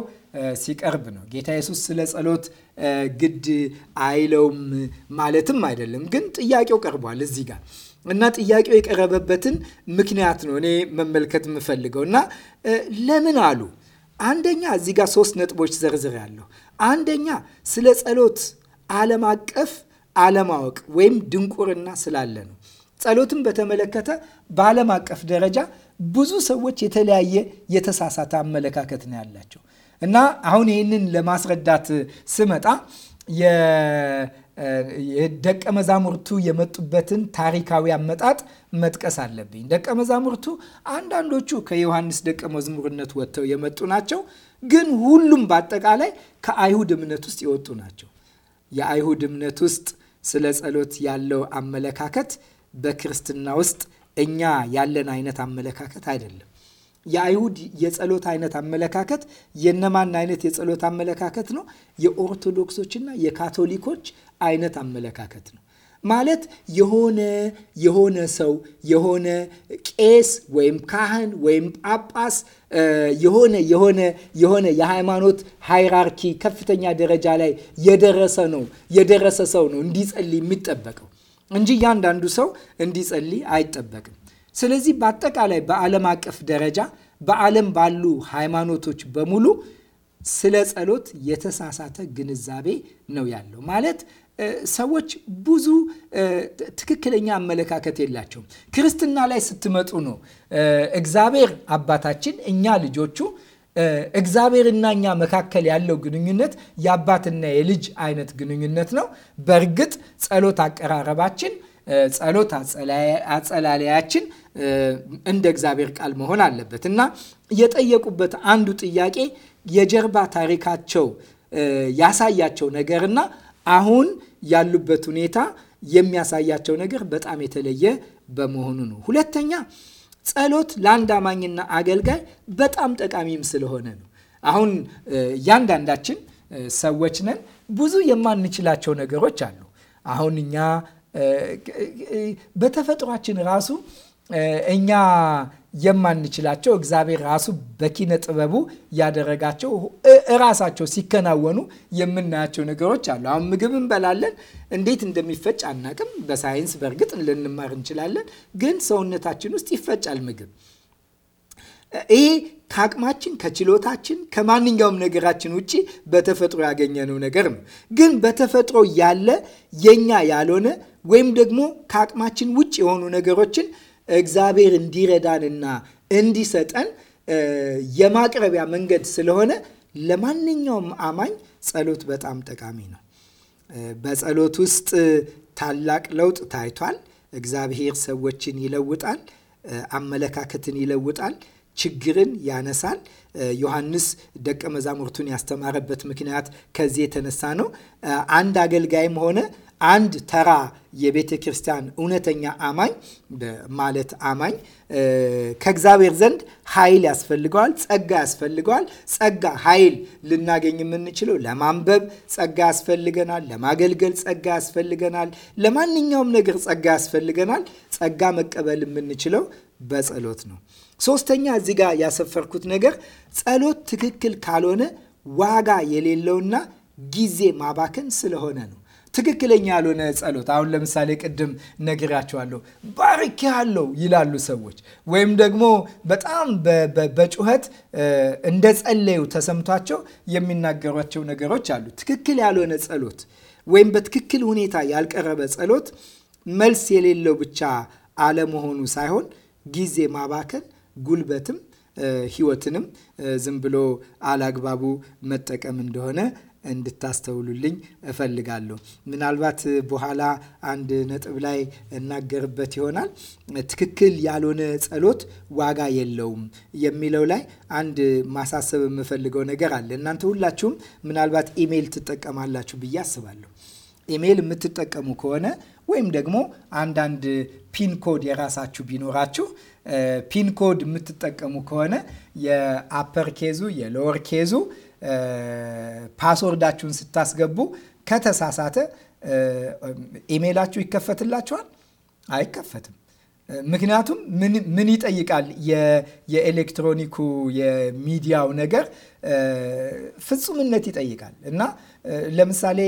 ሲቀርብ ነው። ጌታ ኢየሱስ ስለ ጸሎት ግድ አይለውም ማለትም አይደለም፣ ግን ጥያቄው ቀርቧል እዚህ ጋር እና ጥያቄው የቀረበበትን ምክንያት ነው እኔ መመልከት የምፈልገው እና ለምን አሉ። አንደኛ እዚህ ጋር ሶስት ነጥቦች ዘርዝር ያለሁ። አንደኛ ስለ ጸሎት ዓለም አቀፍ አለማወቅ ወይም ድንቁርና ስላለ ነው። ጸሎትን በተመለከተ በዓለም አቀፍ ደረጃ ብዙ ሰዎች የተለያየ የተሳሳተ አመለካከት ነው ያላቸው እና አሁን ይህንን ለማስረዳት ስመጣ የደቀ መዛሙርቱ የመጡበትን ታሪካዊ አመጣጥ መጥቀስ አለብኝ። ደቀ መዛሙርቱ አንዳንዶቹ ከዮሐንስ ደቀ መዝሙርነት ወጥተው የመጡ ናቸው። ግን ሁሉም በአጠቃላይ ከአይሁድ እምነት ውስጥ የወጡ ናቸው። የአይሁድ እምነት ውስጥ ስለ ጸሎት ያለው አመለካከት በክርስትና ውስጥ እኛ ያለን አይነት አመለካከት አይደለም። የአይሁድ የጸሎት አይነት አመለካከት የነማን አይነት የጸሎት አመለካከት ነው? የኦርቶዶክሶችና የካቶሊኮች አይነት አመለካከት ነው። ማለት የሆነ የሆነ ሰው የሆነ ቄስ ወይም ካህን ወይም ጳጳስ የሆነ የሆነ የሆነ የሃይማኖት ሃይራርኪ ከፍተኛ ደረጃ ላይ የደረሰ ነው የደረሰ ሰው ነው እንዲጸልይ የሚጠበቀው እንጂ እያንዳንዱ ሰው እንዲጸልይ አይጠበቅም። ስለዚህ በአጠቃላይ በዓለም አቀፍ ደረጃ በዓለም ባሉ ሃይማኖቶች በሙሉ ስለ ጸሎት የተሳሳተ ግንዛቤ ነው ያለው ማለት ሰዎች ብዙ ትክክለኛ አመለካከት የላቸውም። ክርስትና ላይ ስትመጡ ነው እግዚአብሔር አባታችን እኛ ልጆቹ እግዚአብሔርና እኛ መካከል ያለው ግንኙነት የአባትና የልጅ አይነት ግንኙነት ነው። በእርግጥ ጸሎት አቀራረባችን፣ ጸሎት አጸላለያችን እንደ እግዚአብሔር ቃል መሆን አለበት እና የጠየቁበት አንዱ ጥያቄ የጀርባ ታሪካቸው ያሳያቸው ነገርና አሁን ያሉበት ሁኔታ የሚያሳያቸው ነገር በጣም የተለየ በመሆኑ ነው። ሁለተኛ ጸሎት ለአንድ አማኝና አገልጋይ በጣም ጠቃሚም ስለሆነ ነው። አሁን እያንዳንዳችን ሰዎች ነን። ብዙ የማንችላቸው ነገሮች አሉ። አሁን እኛ በተፈጥሯችን ራሱ እኛ የማንችላቸው እግዚአብሔር ራሱ በኪነ ጥበቡ ያደረጋቸው እራሳቸው ሲከናወኑ የምናያቸው ነገሮች አሉ። አሁን ምግብ እንበላለን፣ እንዴት እንደሚፈጭ አናቅም። በሳይንስ በእርግጥ ልንማር እንችላለን፣ ግን ሰውነታችን ውስጥ ይፈጫል ምግብ። ይሄ ከአቅማችን ከችሎታችን ከማንኛውም ነገራችን ውጭ በተፈጥሮ ያገኘነው ነገር ነው። ግን በተፈጥሮ ያለ የኛ ያልሆነ ወይም ደግሞ ከአቅማችን ውጭ የሆኑ ነገሮችን እግዚአብሔር እንዲረዳንና እንዲሰጠን የማቅረቢያ መንገድ ስለሆነ ለማንኛውም አማኝ ጸሎት በጣም ጠቃሚ ነው። በጸሎት ውስጥ ታላቅ ለውጥ ታይቷል። እግዚአብሔር ሰዎችን ይለውጣል፣ አመለካከትን ይለውጣል፣ ችግርን ያነሳል። ዮሐንስ ደቀ መዛሙርቱን ያስተማረበት ምክንያት ከዚህ የተነሳ ነው። አንድ አገልጋይም ሆነ አንድ ተራ የቤተ ክርስቲያን እውነተኛ አማኝ ማለት አማኝ ከእግዚአብሔር ዘንድ ኃይል ያስፈልገዋል፣ ጸጋ ያስፈልገዋል። ጸጋ ኃይል ልናገኝ የምንችለው ለማንበብ ጸጋ ያስፈልገናል፣ ለማገልገል ጸጋ ያስፈልገናል፣ ለማንኛውም ነገር ጸጋ ያስፈልገናል። ጸጋ መቀበል የምንችለው በጸሎት ነው። ሶስተኛ እዚህ ጋር ያሰፈርኩት ነገር ጸሎት ትክክል ካልሆነ ዋጋ የሌለውና ጊዜ ማባከን ስለሆነ ነው። ትክክለኛ ያልሆነ ጸሎት። አሁን ለምሳሌ ቅድም ነግራቸዋለሁ ባርኬሃለሁ ይላሉ ሰዎች፣ ወይም ደግሞ በጣም በጩኸት እንደ ጸለዩ ተሰምቷቸው የሚናገሯቸው ነገሮች አሉ። ትክክል ያልሆነ ጸሎት ወይም በትክክል ሁኔታ ያልቀረበ ጸሎት መልስ የሌለው ብቻ አለመሆኑ ሳይሆን ጊዜ ማባከን፣ ጉልበትም ህይወትንም ዝም ብሎ አላግባቡ መጠቀም እንደሆነ እንድታስተውሉልኝ እፈልጋለሁ። ምናልባት በኋላ አንድ ነጥብ ላይ እናገርበት ይሆናል። ትክክል ያልሆነ ጸሎት ዋጋ የለውም የሚለው ላይ አንድ ማሳሰብ የምፈልገው ነገር አለ። እናንተ ሁላችሁም ምናልባት ኢሜይል ትጠቀማላችሁ ብዬ አስባለሁ። ኢሜይል የምትጠቀሙ ከሆነ ወይም ደግሞ አንዳንድ ፒን ኮድ የራሳችሁ ቢኖራችሁ ፒን ኮድ የምትጠቀሙ ከሆነ የአፐር ኬዙ የሎወር ኬዙ ፓስወርዳችሁን ስታስገቡ ከተሳሳተ ኢሜይላችሁ ይከፈትላችኋል? አይከፈትም። ምክንያቱም ምን ይጠይቃል? የኤሌክትሮኒኩ የሚዲያው ነገር ፍጹምነት ይጠይቃል እና ለምሳሌ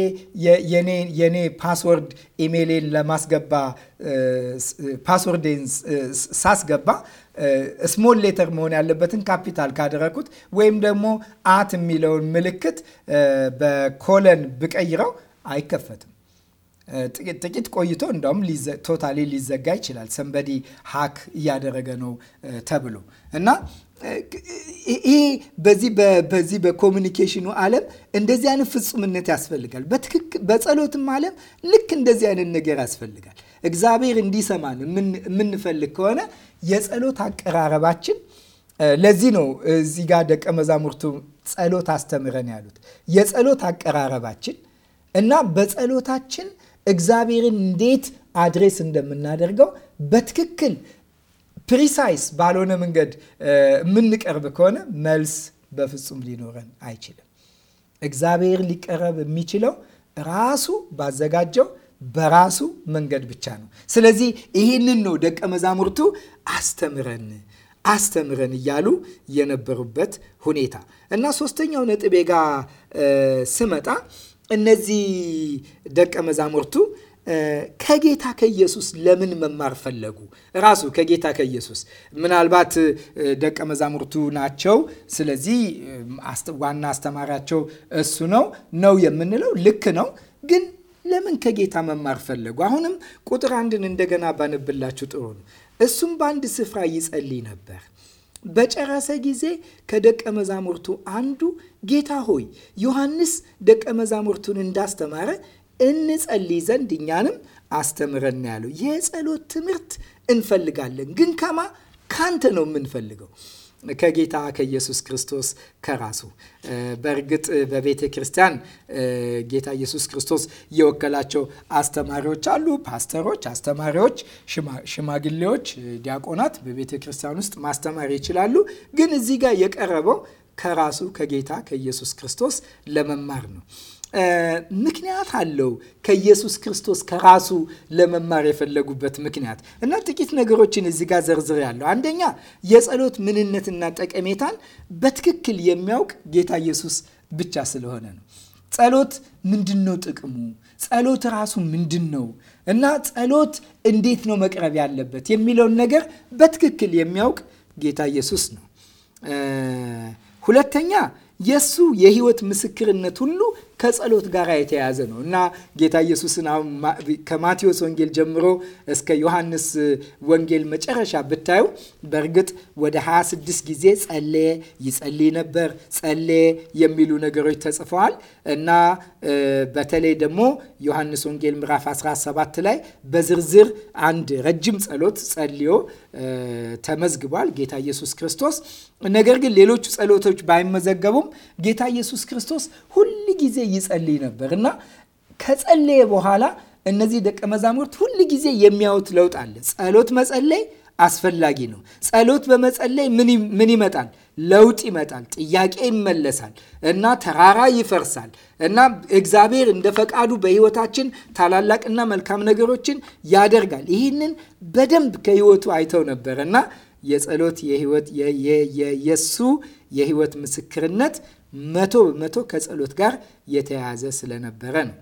የኔ ፓስወርድ ኢሜይሌን ለማስገባ ፓስወርዴን ሳስገባ ስሞል ሌተር መሆን ያለበትን ካፒታል ካደረኩት ወይም ደግሞ አት የሚለውን ምልክት በኮለን ብቀይረው አይከፈትም። ጥቂት ቆይቶ እንዳውም ቶታሊ ሊዘጋ ይችላል። ሰንበዲ ሀክ እያደረገ ነው ተብሎ እና ይህ በዚህ በዚህ በኮሚኒኬሽኑ ዓለም እንደዚህ አይነት ፍጹምነት ያስፈልጋል። በትክክል በጸሎትም ዓለም ልክ እንደዚህ አይነት ነገር ያስፈልጋል። እግዚአብሔር እንዲሰማን የምንፈልግ ከሆነ የጸሎት አቀራረባችን ለዚህ ነው እዚህ ጋር ደቀ መዛሙርቱ ጸሎት አስተምረን ያሉት የጸሎት አቀራረባችን እና በጸሎታችን እግዚአብሔርን እንዴት አድሬስ እንደምናደርገው በትክክል ፕሪሳይስ ባልሆነ መንገድ የምንቀርብ ከሆነ መልስ በፍጹም ሊኖረን አይችልም። እግዚአብሔር ሊቀረብ የሚችለው ራሱ ባዘጋጀው በራሱ መንገድ ብቻ ነው። ስለዚህ ይህንን ነው ደቀ መዛሙርቱ አስተምረን አስተምረን እያሉ የነበሩበት ሁኔታ እና ሶስተኛው ነጥቤ ጋ ስመጣ እነዚህ ደቀ መዛሙርቱ ከጌታ ከኢየሱስ ለምን መማር ፈለጉ? ራሱ ከጌታ ከኢየሱስ ምናልባት ደቀ መዛሙርቱ ናቸው፣ ስለዚህ ዋና አስተማሪያቸው እሱ ነው ነው የምንለው ልክ ነው ግን ለምን ከጌታ መማር ፈለጉ? አሁንም ቁጥር አንድን እንደገና ባነብላችሁ ጥሩ ነው። እሱም በአንድ ስፍራ ይጸልይ ነበር። በጨረሰ ጊዜ ከደቀ መዛሙርቱ አንዱ ጌታ ሆይ ዮሐንስ ደቀ መዛሙርቱን እንዳስተማረ እንጸልይ ዘንድ እኛንም አስተምረን ያለው የጸሎት ትምህርት እንፈልጋለን፣ ግን ከማ ካንተ ነው የምንፈልገው ከጌታ ከኢየሱስ ክርስቶስ ከራሱ በእርግጥ በቤተ ክርስቲያን ጌታ ኢየሱስ ክርስቶስ የወከላቸው አስተማሪዎች አሉ፣ ፓስተሮች፣ አስተማሪዎች፣ ሽማግሌዎች፣ ዲያቆናት በቤተ ክርስቲያን ውስጥ ማስተማር ይችላሉ። ግን እዚህ ጋር የቀረበው ከራሱ ከጌታ ከኢየሱስ ክርስቶስ ለመማር ነው። ምክንያት አለው ከኢየሱስ ክርስቶስ ከራሱ ለመማር የፈለጉበት ምክንያት እና ጥቂት ነገሮችን እዚህ ጋር ዘርዝር ያለው አንደኛ የጸሎት ምንነትና ጠቀሜታን በትክክል የሚያውቅ ጌታ ኢየሱስ ብቻ ስለሆነ ነው። ጸሎት ምንድን ነው ጥቅሙ? ጸሎት ራሱ ምንድን ነው እና ጸሎት እንዴት ነው መቅረብ ያለበት የሚለውን ነገር በትክክል የሚያውቅ ጌታ ኢየሱስ ነው። ሁለተኛ የእሱ የህይወት ምስክርነት ሁሉ ከጸሎት ጋር የተያያዘ ነው እና ጌታ ኢየሱስን ከማቴዎስ ወንጌል ጀምሮ እስከ ዮሐንስ ወንጌል መጨረሻ ብታዩ በእርግጥ ወደ 26 ጊዜ ጸለየ፣ ይጸልይ ነበር፣ ጸለየ የሚሉ ነገሮች ተጽፈዋል እና በተለይ ደግሞ ዮሐንስ ወንጌል ምዕራፍ 17 ላይ በዝርዝር አንድ ረጅም ጸሎት ጸልዮ ተመዝግቧል ጌታ ኢየሱስ ክርስቶስ። ነገር ግን ሌሎቹ ጸሎቶች ባይመዘገቡም ጌታ ኢየሱስ ክርስቶስ ሁል ጊዜ ይጸልይ ነበር እና ከጸለየ በኋላ እነዚህ ደቀ መዛሙርት ሁል ጊዜ የሚያዩት ለውጥ አለ። ጸሎት መጸለይ አስፈላጊ ነው። ጸሎት በመጸለይ ምን ይመጣል? ለውጥ ይመጣል። ጥያቄ ይመለሳል እና ተራራ ይፈርሳል እና እግዚአብሔር እንደ ፈቃዱ በሕይወታችን ታላላቅና መልካም ነገሮችን ያደርጋል። ይህንን በደንብ ከሕይወቱ አይተው ነበር እና የጸሎት የሱ የሕይወት ምስክርነት መቶ በመቶ ከጸሎት ጋር የተያያዘ ስለነበረ ነው።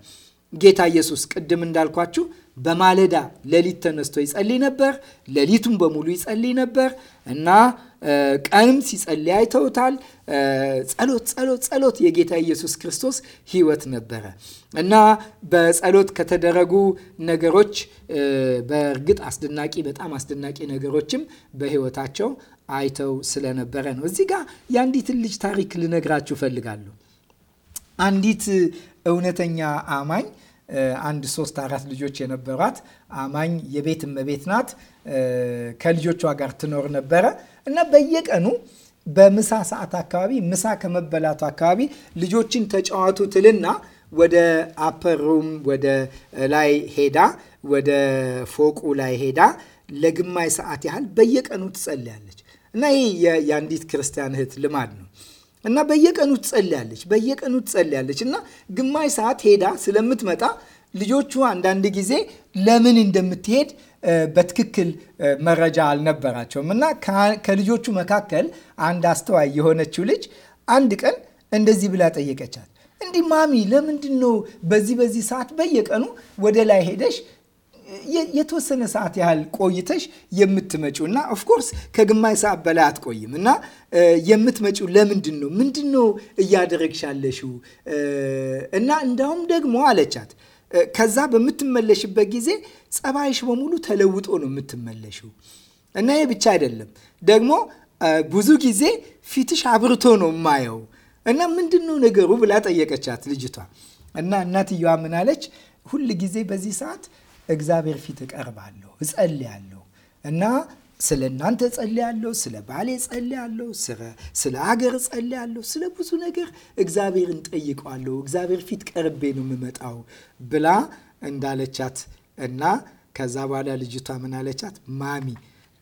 ጌታ ኢየሱስ ቅድም እንዳልኳችሁ በማለዳ ሌሊት ተነስቶ ይጸልይ ነበር። ሌሊቱን በሙሉ ይጸልይ ነበር እና ቀንም ሲጸልይ አይተውታል። ጸሎት ጸሎት ጸሎት የጌታ ኢየሱስ ክርስቶስ ሕይወት ነበረ እና በጸሎት ከተደረጉ ነገሮች በእርግጥ አስደናቂ በጣም አስደናቂ ነገሮችም በሕይወታቸው አይተው ስለነበረ ነው። እዚህ ጋር የአንዲትን ልጅ ታሪክ ልነግራችሁ ፈልጋለሁ አንዲት እውነተኛ አማኝ አንድ ሶስት አራት ልጆች የነበሯት አማኝ የቤት እመቤት ናት። ከልጆቿ ጋር ትኖር ነበረ እና በየቀኑ በምሳ ሰዓት አካባቢ ምሳ ከመበላቱ አካባቢ ልጆችን ተጫዋቱ ትልና ወደ አፐሩም ወደ ላይ ሄዳ ወደ ፎቁ ላይ ሄዳ ለግማሽ ሰዓት ያህል በየቀኑ ትጸልያለች። እና ይህ የአንዲት ክርስቲያን እህት ልማድ ነው እና በየቀኑ ትጸልያለች፣ በየቀኑ ትጸልያለች እና ግማሽ ሰዓት ሄዳ ስለምትመጣ ልጆቹ አንዳንድ ጊዜ ለምን እንደምትሄድ በትክክል መረጃ አልነበራቸውም እና ከልጆቹ መካከል አንድ አስተዋይ የሆነችው ልጅ አንድ ቀን እንደዚህ ብላ ጠየቀቻት። እንዲህ ማሚ፣ ለምንድን ነው በዚህ በዚህ ሰዓት በየቀኑ ወደ ላይ ሄደሽ የተወሰነ ሰዓት ያህል ቆይተሽ የምትመጪው እና ኦፍኮርስ ከግማሽ ሰዓት በላይ አትቆይም እና የምትመጪው ለምንድን ነው ምንድን ነው እያደረግሻለሽው? እና እንዳውም ደግሞ አለቻት ከዛ በምትመለሽበት ጊዜ ጸባይሽ በሙሉ ተለውጦ ነው የምትመለሽው እና ይህ ብቻ አይደለም ደግሞ ብዙ ጊዜ ፊትሽ አብርቶ ነው የማየው እና ምንድን ነው ነገሩ ብላ ጠየቀቻት ልጅቷ እና እናትየዋ ምን አለች ሁል ጊዜ በዚህ ሰዓት እግዚአብሔር ፊት እቀርባለሁ፣ እጸልያለሁ እና ስለ እናንተ ጸልያለሁ፣ ስለ ባሌ ጸልያለሁ፣ ስለ አገር ጸልያለሁ፣ ስለ ብዙ ነገር እግዚአብሔርን ጠይቀዋለሁ። እግዚአብሔር ፊት ቀርቤ ነው የምመጣው ብላ እንዳለቻት እና ከዛ በኋላ ልጅቷ ምን አለቻት? ማሚ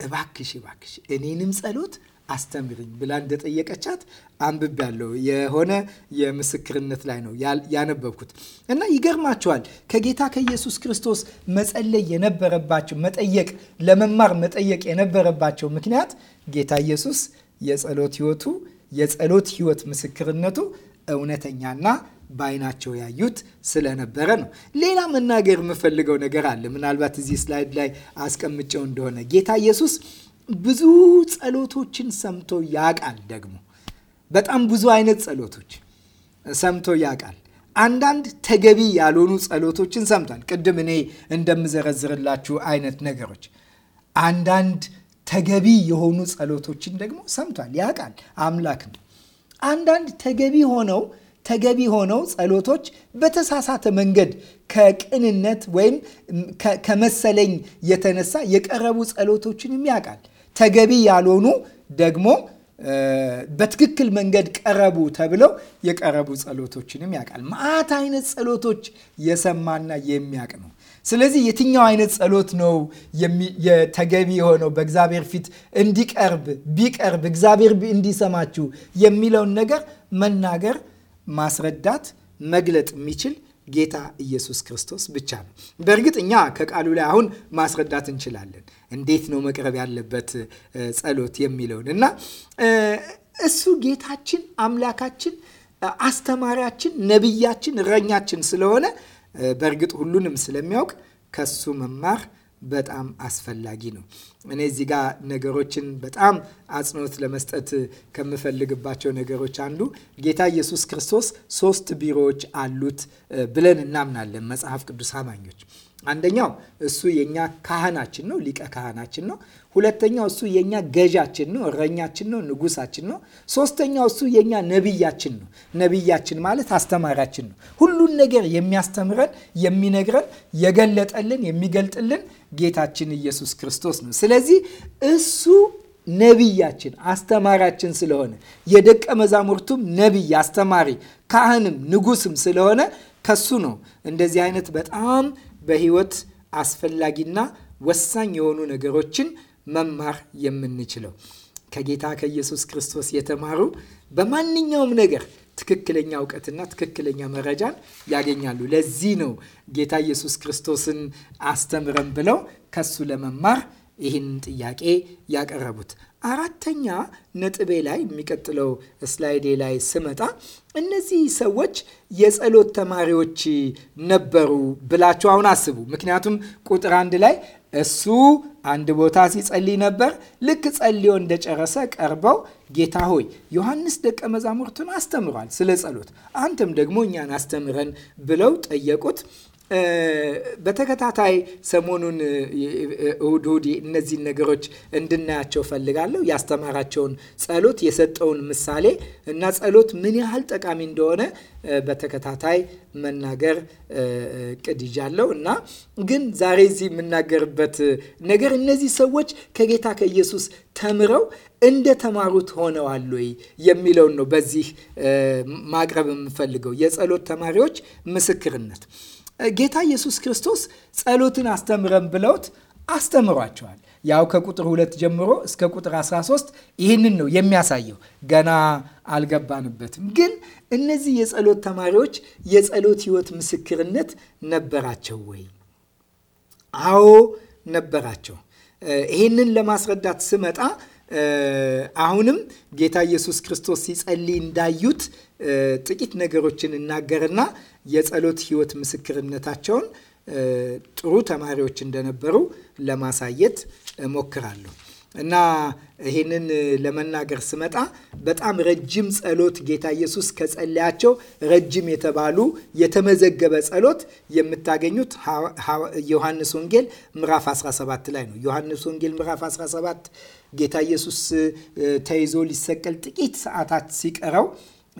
እባክሽ እባክሽ እኔንም ጸሎት አስተምርኝ ብላ እንደጠየቀቻት አንብብ ያለው የሆነ የምስክርነት ላይ ነው ያነበብኩት እና ይገርማቸዋል። ከጌታ ከኢየሱስ ክርስቶስ መጸለይ የነበረባቸው መጠየቅ፣ ለመማር መጠየቅ የነበረባቸው ምክንያት ጌታ ኢየሱስ የጸሎት ሕይወቱ የጸሎት ሕይወት ምስክርነቱ እውነተኛና በአይናቸው ያዩት ስለነበረ ነው። ሌላ መናገር የምፈልገው ነገር አለ። ምናልባት እዚህ ስላይድ ላይ አስቀምጨው እንደሆነ ጌታ ኢየሱስ ብዙ ጸሎቶችን ሰምቶ ያውቃል። ደግሞ በጣም ብዙ አይነት ጸሎቶች ሰምቶ ያውቃል። አንዳንድ ተገቢ ያልሆኑ ጸሎቶችን ሰምቷል። ቅድም እኔ እንደምዘረዝርላችሁ አይነት ነገሮች አንዳንድ ተገቢ የሆኑ ጸሎቶችን ደግሞ ሰምቷል። ያውቃል፣ አምላክ ነው። አንዳንድ ተገቢ ሆነው ተገቢ ሆነው ጸሎቶች በተሳሳተ መንገድ ከቅንነት ወይም ከመሰለኝ የተነሳ የቀረቡ ጸሎቶችንም ያውቃል። ተገቢ ያልሆኑ ደግሞ በትክክል መንገድ ቀረቡ ተብለው የቀረቡ ጸሎቶችንም ያውቃል። ማአት አይነት ጸሎቶች የሰማና የሚያውቅ ነው። ስለዚህ የትኛው አይነት ጸሎት ነው ተገቢ የሆነው በእግዚአብሔር ፊት እንዲቀርብ ቢቀርብ እግዚአብሔር እንዲሰማችሁ የሚለውን ነገር መናገር፣ ማስረዳት፣ መግለጥ የሚችል ጌታ ኢየሱስ ክርስቶስ ብቻ ነው። በእርግጥ እኛ ከቃሉ ላይ አሁን ማስረዳት እንችላለን። እንዴት ነው መቅረብ ያለበት ጸሎት የሚለውን እና እሱ ጌታችን አምላካችን አስተማሪያችን፣ ነቢያችን፣ እረኛችን ስለሆነ በእርግጥ ሁሉንም ስለሚያውቅ ከሱ መማር በጣም አስፈላጊ ነው። እኔ እዚህ ጋር ነገሮችን በጣም አጽንኦት ለመስጠት ከምፈልግባቸው ነገሮች አንዱ ጌታ ኢየሱስ ክርስቶስ ሶስት ቢሮዎች አሉት ብለን እናምናለን መጽሐፍ ቅዱስ አማኞች አንደኛው እሱ የኛ ካህናችን ነው፣ ሊቀ ካህናችን ነው። ሁለተኛው እሱ የኛ ገዣችን ነው፣ እረኛችን ነው፣ ንጉሳችን ነው። ሶስተኛው እሱ የኛ ነቢያችን ነው። ነቢያችን ማለት አስተማሪያችን ነው። ሁሉን ነገር የሚያስተምረን፣ የሚነግረን፣ የገለጠልን፣ የሚገልጥልን ጌታችን ኢየሱስ ክርስቶስ ነው። ስለዚህ እሱ ነቢያችን አስተማሪያችን ስለሆነ የደቀ መዛሙርቱም ነቢይ አስተማሪ፣ ካህንም ንጉስም ስለሆነ ከሱ ነው እንደዚህ አይነት በጣም በህይወት አስፈላጊና ወሳኝ የሆኑ ነገሮችን መማር የምንችለው ከጌታ ከኢየሱስ ክርስቶስ የተማሩ በማንኛውም ነገር ትክክለኛ እውቀትና ትክክለኛ መረጃን ያገኛሉ። ለዚህ ነው ጌታ ኢየሱስ ክርስቶስን አስተምረን ብለው ከሱ ለመማር ይህንን ጥያቄ ያቀረቡት። አራተኛ ነጥቤ ላይ የሚቀጥለው ስላይዴ ላይ ስመጣ እነዚህ ሰዎች የጸሎት ተማሪዎች ነበሩ ብላችሁ አሁን አስቡ። ምክንያቱም ቁጥር አንድ ላይ እሱ አንድ ቦታ ሲጸልይ ነበር። ልክ ጸልዮ እንደጨረሰ ቀርበው ጌታ ሆይ ዮሐንስ ደቀ መዛሙርቱን አስተምሯል ስለ ጸሎት፣ አንተም ደግሞ እኛን አስተምረን ብለው ጠየቁት። በተከታታይ ሰሞኑን እሁድ እሁድ እነዚህን ነገሮች እንድናያቸው ፈልጋለሁ። ያስተማራቸውን ጸሎት፣ የሰጠውን ምሳሌ እና ጸሎት ምን ያህል ጠቃሚ እንደሆነ በተከታታይ መናገር ቅድ ይዣለሁ እና ግን ዛሬ እዚህ የምናገርበት ነገር እነዚህ ሰዎች ከጌታ ከኢየሱስ ተምረው እንደ ተማሩት ሆነዋል ወይ የሚለውን ነው። በዚህ ማቅረብ የምፈልገው የጸሎት ተማሪዎች ምስክርነት ጌታ ኢየሱስ ክርስቶስ ጸሎትን አስተምረን ብለውት አስተምሯቸዋል። ያው ከቁጥር ሁለት ጀምሮ እስከ ቁጥር 13 ይህንን ነው የሚያሳየው። ገና አልገባንበትም፣ ግን እነዚህ የጸሎት ተማሪዎች የጸሎት ሕይወት ምስክርነት ነበራቸው ወይ? አዎ ነበራቸው። ይህንን ለማስረዳት ስመጣ አሁንም ጌታ ኢየሱስ ክርስቶስ ሲጸልይ እንዳዩት ጥቂት ነገሮችን እናገርና የጸሎት ህይወት ምስክርነታቸውን ጥሩ ተማሪዎች እንደነበሩ ለማሳየት እሞክራለሁ እና ይህንን ለመናገር ስመጣ በጣም ረጅም ጸሎት ጌታ ኢየሱስ ከጸለያቸው ረጅም የተባሉ የተመዘገበ ጸሎት የምታገኙት ዮሐንስ ወንጌል ምዕራፍ 17 ላይ ነው። ዮሐንስ ወንጌል ምዕራፍ 17 ጌታ ኢየሱስ ተይዞ ሊሰቀል ጥቂት ሰዓታት ሲቀረው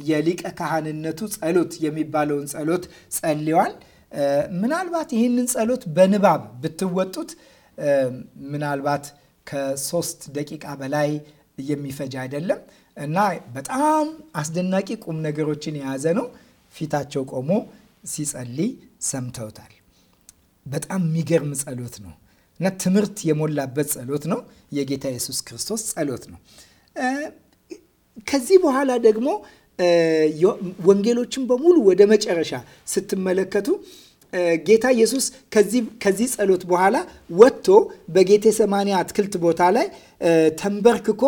የሊቀ ካህንነቱ ጸሎት የሚባለውን ጸሎት ጸልዋል። ምናልባት ይህንን ጸሎት በንባብ ብትወጡት ምናልባት ከሶስት ደቂቃ በላይ የሚፈጅ አይደለም እና በጣም አስደናቂ ቁም ነገሮችን የያዘ ነው። ፊታቸው ቆሞ ሲጸልይ ሰምተውታል። በጣም የሚገርም ጸሎት ነው እና ትምህርት የሞላበት ጸሎት ነው። የጌታ ኢየሱስ ክርስቶስ ጸሎት ነው። ከዚህ በኋላ ደግሞ ወንጌሎችን በሙሉ ወደ መጨረሻ ስትመለከቱ ጌታ ኢየሱስ ከዚህ ጸሎት በኋላ ወጥቶ በጌቴ ሰማኒ አትክልት ቦታ ላይ ተንበርክኮ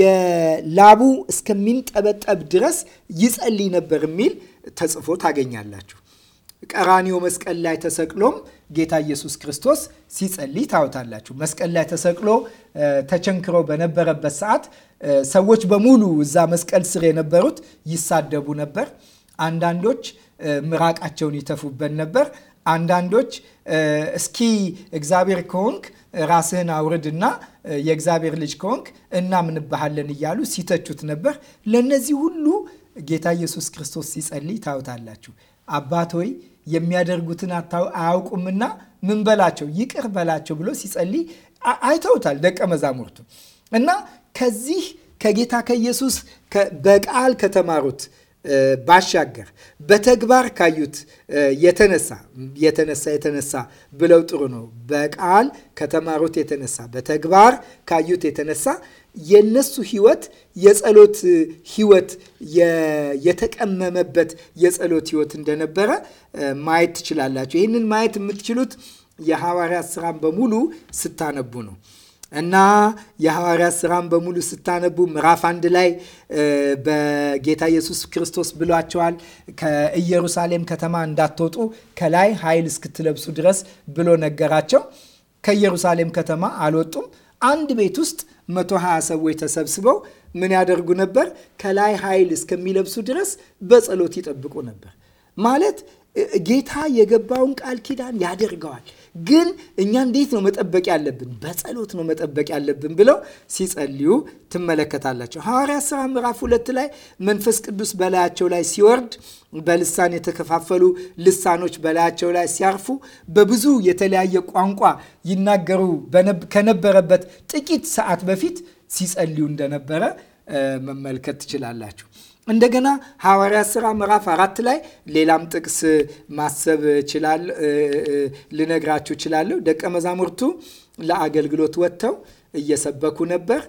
የላቡ እስከሚንጠበጠብ ድረስ ይጸልይ ነበር የሚል ተጽፎ ታገኛላችሁ። ቀራኒዮ መስቀል ላይ ተሰቅሎም ጌታ ኢየሱስ ክርስቶስ ሲጸልይ ታዩታላችሁ። መስቀል ላይ ተሰቅሎ ተቸንክሮ በነበረበት ሰዓት ሰዎች በሙሉ እዛ መስቀል ስር የነበሩት ይሳደቡ ነበር። አንዳንዶች ምራቃቸውን ይተፉበት ነበር። አንዳንዶች እስኪ እግዚአብሔር ከሆንክ ራስህን አውርድና የእግዚአብሔር ልጅ ከሆንክ እናምንባሃለን እያሉ ሲተቹት ነበር። ለእነዚህ ሁሉ ጌታ ኢየሱስ ክርስቶስ ሲጸልይ ታውታላችሁ አባት ሆይ የሚያደርጉትን አያውቁምና ምን በላቸው ይቅር በላቸው ብሎ ሲጸልይ አይተውታል ደቀ መዛሙርቱ እና ከዚህ ከጌታ ከኢየሱስ በቃል ከተማሩት ባሻገር በተግባር ካዩት የተነሳ የተነሳ የተነሳ ብለው ጥሩ ነው። በቃል ከተማሩት የተነሳ በተግባር ካዩት የተነሳ የነሱ ህይወት የጸሎት ህይወት የተቀመመበት የጸሎት ህይወት እንደነበረ ማየት ትችላላችሁ። ይህንን ማየት የምትችሉት የሐዋርያት ስራን በሙሉ ስታነቡ ነው እና የሐዋርያት ስራን በሙሉ ስታነቡ ምዕራፍ አንድ ላይ በጌታ ኢየሱስ ክርስቶስ ብሏቸዋል። ከኢየሩሳሌም ከተማ እንዳትወጡ ከላይ ኃይል እስክትለብሱ ድረስ ብሎ ነገራቸው። ከኢየሩሳሌም ከተማ አልወጡም። አንድ ቤት ውስጥ መቶ ሀያ ሰዎች ተሰብስበው ምን ያደርጉ ነበር? ከላይ ኃይል እስከሚለብሱ ድረስ በጸሎት ይጠብቁ ነበር። ማለት ጌታ የገባውን ቃል ኪዳን ያደርገዋል። ግን እኛ እንዴት ነው መጠበቅ ያለብን? በጸሎት ነው መጠበቅ ያለብን ብለው ሲጸልዩ ትመለከታላቸው። ሐዋርያ ሥራ ምዕራፍ ሁለት ላይ መንፈስ ቅዱስ በላያቸው ላይ ሲወርድ በልሳን የተከፋፈሉ ልሳኖች በላያቸው ላይ ሲያርፉ በብዙ የተለያየ ቋንቋ ይናገሩ ከነበረበት ጥቂት ሰዓት በፊት ሲጸልዩ እንደነበረ መመልከት ትችላላችሁ። እንደገና ሐዋርያ ሥራ ምዕራፍ አራት ላይ ሌላም ጥቅስ ማሰብ ችላል ልነግራችሁ እችላለሁ። ደቀ መዛሙርቱ ለአገልግሎት ወጥተው እየሰበኩ ነበር።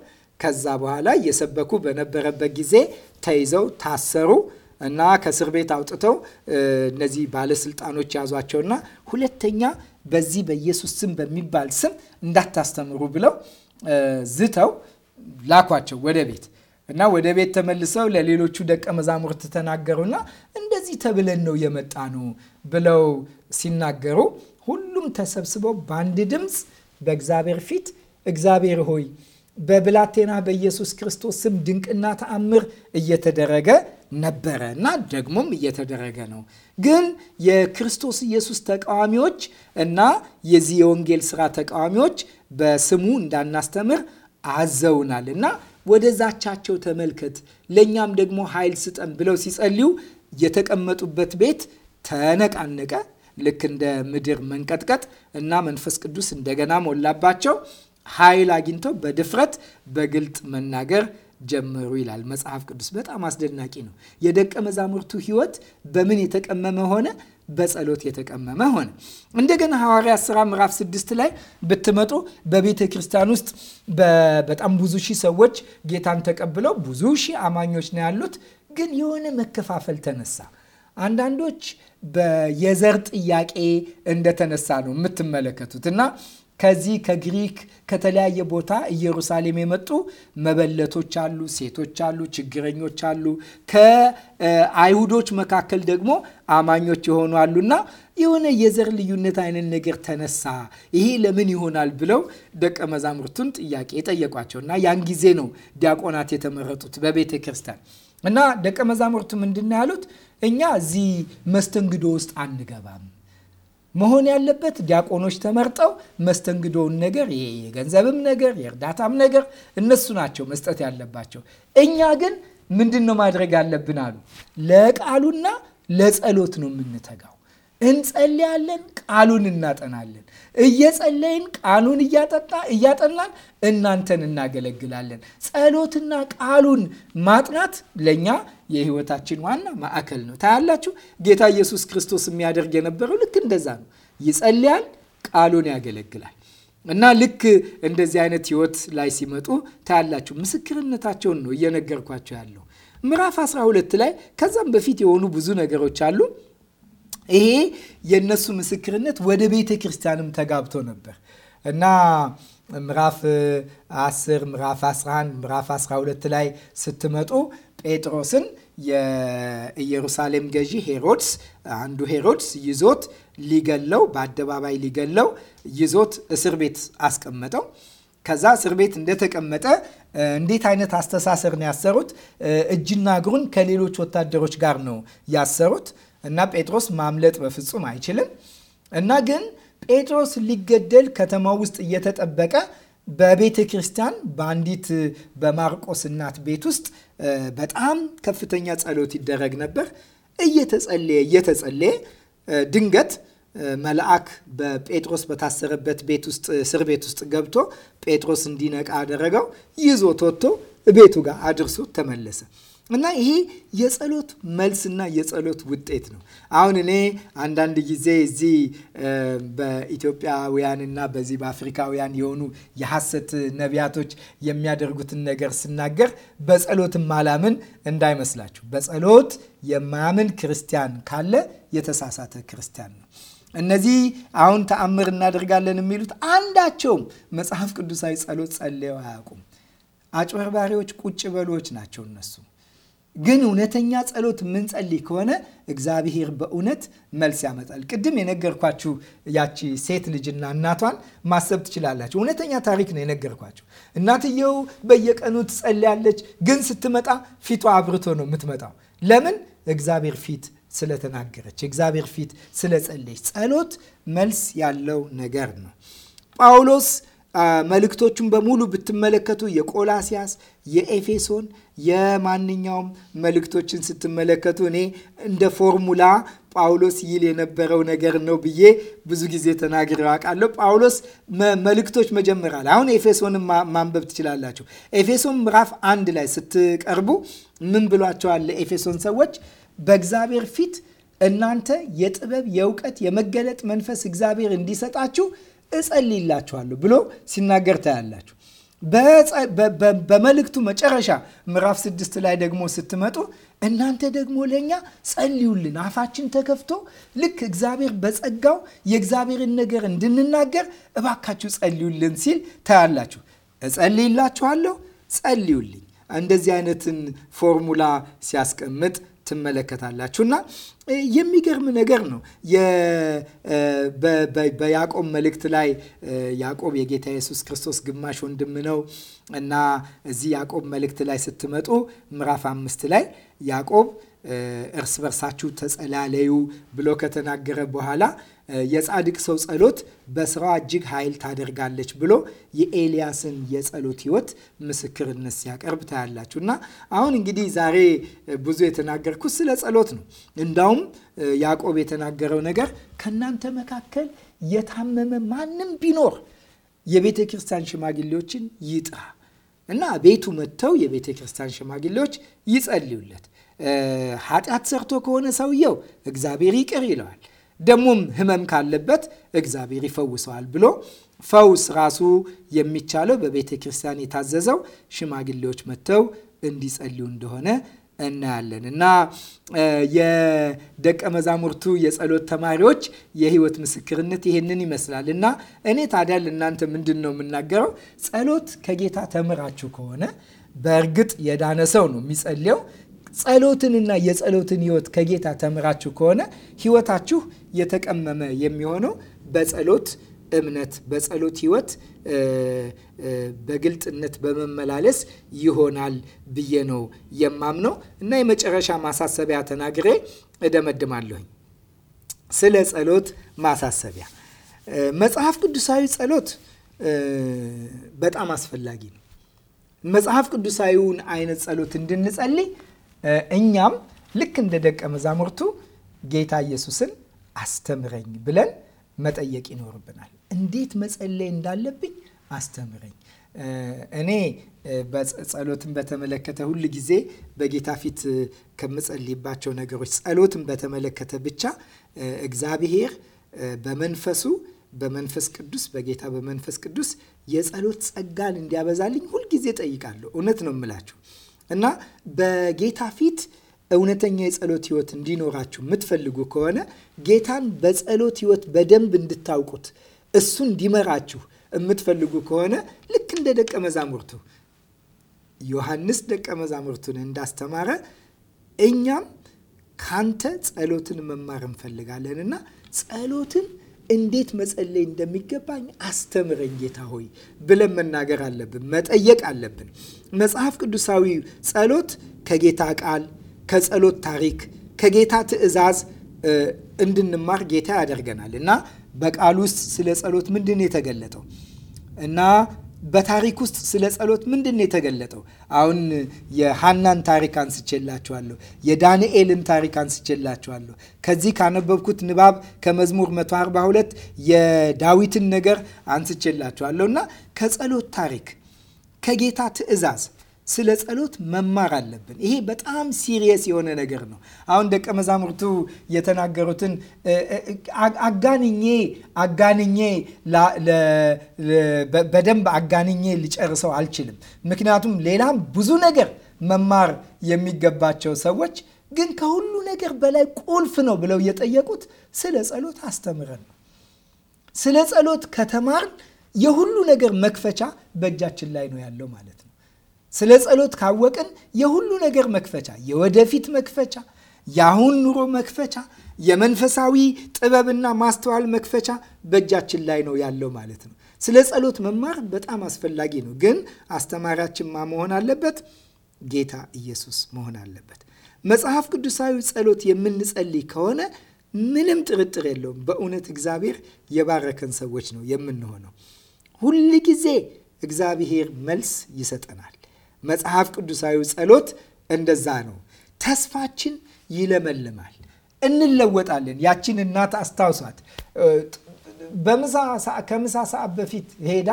ከዛ በኋላ እየሰበኩ በነበረበት ጊዜ ተይዘው ታሰሩ እና ከእስር ቤት አውጥተው እነዚህ ባለስልጣኖች ያዟቸውና ሁለተኛ በዚህ በኢየሱስ ስም በሚባል ስም እንዳታስተምሩ ብለው ዝተው ላኳቸው ወደ ቤት እና ወደ ቤት ተመልሰው ለሌሎቹ ደቀ መዛሙርት ተናገሩና እንደዚህ ተብለን ነው የመጣ ነው ብለው ሲናገሩ ሁሉም ተሰብስበው በአንድ ድምፅ በእግዚአብሔር ፊት እግዚአብሔር ሆይ በብላቴና በኢየሱስ ክርስቶስ ስም ድንቅና ተአምር እየተደረገ ነበረ እና ደግሞም እየተደረገ ነው። ግን የክርስቶስ ኢየሱስ ተቃዋሚዎች እና የዚህ የወንጌል ስራ ተቃዋሚዎች በስሙ እንዳናስተምር አዘውናል እና ወደ ዛቻቸው ተመልከት፣ ለእኛም ደግሞ ኃይል ስጠን ብለው ሲጸልዩ የተቀመጡበት ቤት ተነቃነቀ፣ ልክ እንደ ምድር መንቀጥቀጥ እና መንፈስ ቅዱስ እንደገና ሞላባቸው። ኃይል አግኝተው በድፍረት በግልጥ መናገር ጀመሩ ይላል መጽሐፍ ቅዱስ። በጣም አስደናቂ ነው። የደቀ መዛሙርቱ ሕይወት በምን የተቀመመ ሆነ? በጸሎት የተቀመመ ሆነ። እንደገና ሐዋርያት ሥራ ምዕራፍ ስድስት ላይ ብትመጡ በቤተ ክርስቲያን ውስጥ በጣም ብዙ ሺህ ሰዎች ጌታን ተቀብለው ብዙ ሺህ አማኞች ነው ያሉት። ግን የሆነ መከፋፈል ተነሳ። አንዳንዶች የዘር ጥያቄ እንደተነሳ ነው የምትመለከቱት እና ከዚህ ከግሪክ ከተለያየ ቦታ ኢየሩሳሌም የመጡ መበለቶች አሉ፣ ሴቶች አሉ፣ ችግረኞች አሉ። ከአይሁዶች መካከል ደግሞ አማኞች የሆኑ አሉና የሆነ የዘር ልዩነት አይነት ነገር ተነሳ። ይሄ ለምን ይሆናል ብለው ደቀ መዛሙርቱን ጥያቄ የጠየቋቸው እና ያን ጊዜ ነው ዲያቆናት የተመረጡት በቤተ ክርስቲያን እና ደቀ መዛሙርቱ ምንድን ያሉት? እኛ እዚህ መስተንግዶ ውስጥ አንገባም መሆን ያለበት ዲያቆኖች ተመርጠው መስተንግዶውን ነገር ይሄ የገንዘብም ነገር የእርዳታም ነገር እነሱ ናቸው መስጠት ያለባቸው። እኛ ግን ምንድን ነው ማድረግ ያለብን አሉ። ለቃሉና ለጸሎት ነው የምንተጋው። እንጸልያለን፣ ቃሉን እናጠናለን። እየጸለይን ቃሉን እያጠጣ እያጠናን እናንተን እናገለግላለን። ጸሎትና ቃሉን ማጥናት ለእኛ የህይወታችን ዋና ማዕከል ነው። ታያላችሁ፣ ጌታ ኢየሱስ ክርስቶስ የሚያደርግ የነበረው ልክ እንደዛ ነው። ይጸልያል፣ ቃሉን ያገለግላል። እና ልክ እንደዚህ አይነት ህይወት ላይ ሲመጡ ታያላችሁ። ምስክርነታቸውን ነው እየነገርኳቸው ያለው ምዕራፍ 12 ላይ ከዛም በፊት የሆኑ ብዙ ነገሮች አሉ ይሄ የእነሱ ምስክርነት ወደ ቤተ ክርስቲያንም ተጋብቶ ነበር እና ምዕራፍ 10 ምዕራፍ 11 ምዕራፍ 12 ላይ ስትመጡ ጴጥሮስን የኢየሩሳሌም ገዢ ሄሮድስ አንዱ ሄሮድስ ይዞት ሊገለው በአደባባይ ሊገለው ይዞት እስር ቤት አስቀመጠው። ከዛ እስር ቤት እንደተቀመጠ እንዴት አይነት አስተሳሰር ነው ያሰሩት? እጅና እግሩን ከሌሎች ወታደሮች ጋር ነው ያሰሩት። እና ጴጥሮስ ማምለጥ በፍጹም አይችልም እና ግን ጴጥሮስ ሊገደል ከተማ ውስጥ እየተጠበቀ በቤተ ክርስቲያን በአንዲት በማርቆስ እናት ቤት ውስጥ በጣም ከፍተኛ ጸሎት ይደረግ ነበር። እየተጸለየ እየተጸለየ ድንገት መልአክ በጴጥሮስ በታሰረበት ቤት ውስጥ እስር ቤት ውስጥ ገብቶ ጴጥሮስ እንዲነቃ አደረገው። ይዞት ወጥቶ ቤቱ ጋር አድርሶ ተመለሰ። እና ይሄ የጸሎት መልስና የጸሎት ውጤት ነው። አሁን እኔ አንዳንድ ጊዜ እዚህ በኢትዮጵያውያንና በዚህ በአፍሪካውያን የሆኑ የሐሰት ነቢያቶች የሚያደርጉትን ነገር ስናገር በጸሎት ማላምን እንዳይመስላችሁ። በጸሎት የማያምን ክርስቲያን ካለ የተሳሳተ ክርስቲያን ነው። እነዚህ አሁን ተአምር እናደርጋለን የሚሉት አንዳቸውም መጽሐፍ ቅዱሳዊ ጸሎት ጸልየው አያውቁም። አጭበርባሪዎች፣ ቁጭ በሎዎች ናቸው እነሱ ግን እውነተኛ ጸሎት ጸልይ ከሆነ እግዚአብሔር በእውነት መልስ ያመጣል። ቅድም የነገርኳችሁ ያቺ ሴት ልጅና እናቷን ማሰብ ትችላላችሁ። እውነተኛ ታሪክ ነው የነገርኳችሁ። እናትየው በየቀኑ ትጸልያለች፣ ግን ስትመጣ ፊቷ አብርቶ ነው የምትመጣው። ለምን? እግዚአብሔር ፊት ስለተናገረች፣ እግዚአብሔር ፊት ስለጸለች። ጸሎት መልስ ያለው ነገር ነው። ጳውሎስ መልእክቶቹን በሙሉ ብትመለከቱ የቆላሲያስ፣ የኤፌሶን የማንኛውም መልእክቶችን ስትመለከቱ እኔ እንደ ፎርሙላ ጳውሎስ ይል የነበረው ነገር ነው ብዬ ብዙ ጊዜ ተናግሬ አውቃለሁ። ጳውሎስ መልእክቶች መጀመሪያ አሁን ኤፌሶንም ማንበብ ትችላላችሁ። ኤፌሶን ምዕራፍ አንድ ላይ ስትቀርቡ ምን ብሏቸዋል? ኤፌሶን ሰዎች በእግዚአብሔር ፊት እናንተ የጥበብ የእውቀት፣ የመገለጥ መንፈስ እግዚአብሔር እንዲሰጣችሁ እጸልይላችኋለሁ ብሎ ሲናገር ታያላችሁ። በመልእክቱ መጨረሻ ምዕራፍ ስድስት ላይ ደግሞ ስትመጡ እናንተ ደግሞ ለእኛ ጸልዩልን። አፋችን ተከፍቶ ልክ እግዚአብሔር በጸጋው የእግዚአብሔርን ነገር እንድንናገር እባካችሁ ጸልዩልን ሲል ታያላችሁ። እጸልይላችኋለሁ፣ ጸልዩልኝ። እንደዚህ አይነትን ፎርሙላ ሲያስቀምጥ ትመለከታላችሁና የሚገርም ነገር ነው። በያዕቆብ መልእክት ላይ ያዕቆብ የጌታ ኢየሱስ ክርስቶስ ግማሽ ወንድም ነው እና እዚህ ያዕቆብ መልእክት ላይ ስትመጡ ምዕራፍ አምስት ላይ ያዕቆብ እርስ በርሳችሁ ተጸላለዩ ብሎ ከተናገረ በኋላ የጻድቅ ሰው ጸሎት በስራዋ እጅግ ኃይል ታደርጋለች ብሎ የኤልያስን የጸሎት ህይወት ምስክርነት ሲያቀርብ ታያላችሁ። እና አሁን እንግዲህ ዛሬ ብዙ የተናገርኩት ስለ ጸሎት ነው። እንዳውም ያዕቆብ የተናገረው ነገር ከእናንተ መካከል የታመመ ማንም ቢኖር የቤተ ክርስቲያን ሽማግሌዎችን ይጥራ እና ቤቱ መጥተው የቤተ ክርስቲያን ሽማግሌዎች ይጸልዩለት ኃጢአት ሰርቶ ከሆነ ሰውየው እግዚአብሔር ይቅር ይለዋል። ደግሞም ህመም ካለበት እግዚአብሔር ይፈውሰዋል ብሎ ፈውስ ራሱ የሚቻለው በቤተ ክርስቲያን የታዘዘው ሽማግሌዎች መጥተው እንዲጸልዩ እንደሆነ እናያለን እና የደቀ መዛሙርቱ የጸሎት ተማሪዎች የህይወት ምስክርነት ይሄንን ይመስላል። እና እኔ ታዲያ ለእናንተ ምንድን ነው የምናገረው? ጸሎት ከጌታ ተምራችሁ ከሆነ በእርግጥ የዳነ ሰው ነው የሚጸልየው። ጸሎትንና የጸሎትን ህይወት ከጌታ ተምራችሁ ከሆነ ህይወታችሁ የተቀመመ የሚሆነው በጸሎት እምነት በጸሎት ህይወት በግልጥነት በመመላለስ ይሆናል ብዬ ነው የማምነው እና የመጨረሻ ማሳሰቢያ ተናግሬ እደመድማለሁኝ። ስለ ጸሎት ማሳሰቢያ መጽሐፍ ቅዱሳዊ ጸሎት በጣም አስፈላጊ ነው። መጽሐፍ ቅዱሳዊውን አይነት ጸሎት እንድንጸልይ እኛም ልክ እንደ ደቀ መዛሙርቱ ጌታ ኢየሱስን አስተምረኝ ብለን መጠየቅ ይኖርብናል። እንዴት መጸለይ እንዳለብኝ አስተምረኝ። እኔ ጸሎትን በተመለከተ ሁል ጊዜ በጌታ ፊት ከምጸልይባቸው ነገሮች ጸሎትን በተመለከተ ብቻ እግዚአብሔር በመንፈሱ በመንፈስ ቅዱስ በጌታ በመንፈስ ቅዱስ የጸሎት ጸጋን እንዲያበዛልኝ ሁልጊዜ ጠይቃለሁ። እውነት ነው የምላችሁ እና በጌታ ፊት እውነተኛ የጸሎት ህይወት እንዲኖራችሁ የምትፈልጉ ከሆነ ጌታን በጸሎት ህይወት በደንብ እንድታውቁት እሱ እንዲመራችሁ የምትፈልጉ ከሆነ ልክ እንደ ደቀ መዛሙርቱ ዮሐንስ ደቀ መዛሙርቱን እንዳስተማረ እኛም ካንተ ጸሎትን መማር እንፈልጋለን እና ጸሎትን እንዴት መጸለይ እንደሚገባኝ አስተምረኝ ጌታ ሆይ ብለን መናገር አለብን፣ መጠየቅ አለብን። መጽሐፍ ቅዱሳዊ ጸሎት ከጌታ ቃል፣ ከጸሎት ታሪክ፣ ከጌታ ትእዛዝ እንድንማር ጌታ ያደርገናል እና በቃል ውስጥ ስለ ጸሎት ምንድን ነው የተገለጠው እና በታሪክ ውስጥ ስለ ጸሎት ምንድን ነው የተገለጠው? አሁን የሃናን ታሪክ አንስቼላችኋለሁ። የዳንኤልን ታሪክ አንስቼላችኋለሁ። ከዚህ ካነበብኩት ንባብ ከመዝሙር 142 የዳዊትን ነገር አንስቼላችኋለሁ እና ከጸሎት ታሪክ ከጌታ ትእዛዝ ስለ ጸሎት መማር አለብን። ይሄ በጣም ሲሪየስ የሆነ ነገር ነው። አሁን ደቀ መዛሙርቱ የተናገሩትን አጋንኜ አጋንኜ በደንብ አጋንኜ ሊጨርሰው አልችልም። ምክንያቱም ሌላም ብዙ ነገር መማር የሚገባቸው ሰዎች ግን ከሁሉ ነገር በላይ ቁልፍ ነው ብለው የጠየቁት ስለ ጸሎት አስተምረን ነው። ስለ ጸሎት ከተማርን የሁሉ ነገር መክፈቻ በእጃችን ላይ ነው ያለው ማለት ነው። ስለ ጸሎት ካወቅን የሁሉ ነገር መክፈቻ፣ የወደፊት መክፈቻ፣ የአሁን ኑሮ መክፈቻ፣ የመንፈሳዊ ጥበብና ማስተዋል መክፈቻ በእጃችን ላይ ነው ያለው ማለት ነው። ስለ ጸሎት መማር በጣም አስፈላጊ ነው። ግን አስተማሪያችን ማ መሆን አለበት? ጌታ ኢየሱስ መሆን አለበት። መጽሐፍ ቅዱሳዊ ጸሎት የምንጸልይ ከሆነ ምንም ጥርጥር የለውም፣ በእውነት እግዚአብሔር የባረከን ሰዎች ነው የምንሆነው። ሁል ጊዜ እግዚአብሔር መልስ ይሰጠናል። መጽሐፍ ቅዱሳዊ ጸሎት እንደዛ ነው። ተስፋችን ይለመልማል፣ እንለወጣለን። ያችን እናት አስታውሷት። ከምሳ ሰዓት በፊት ሄዳ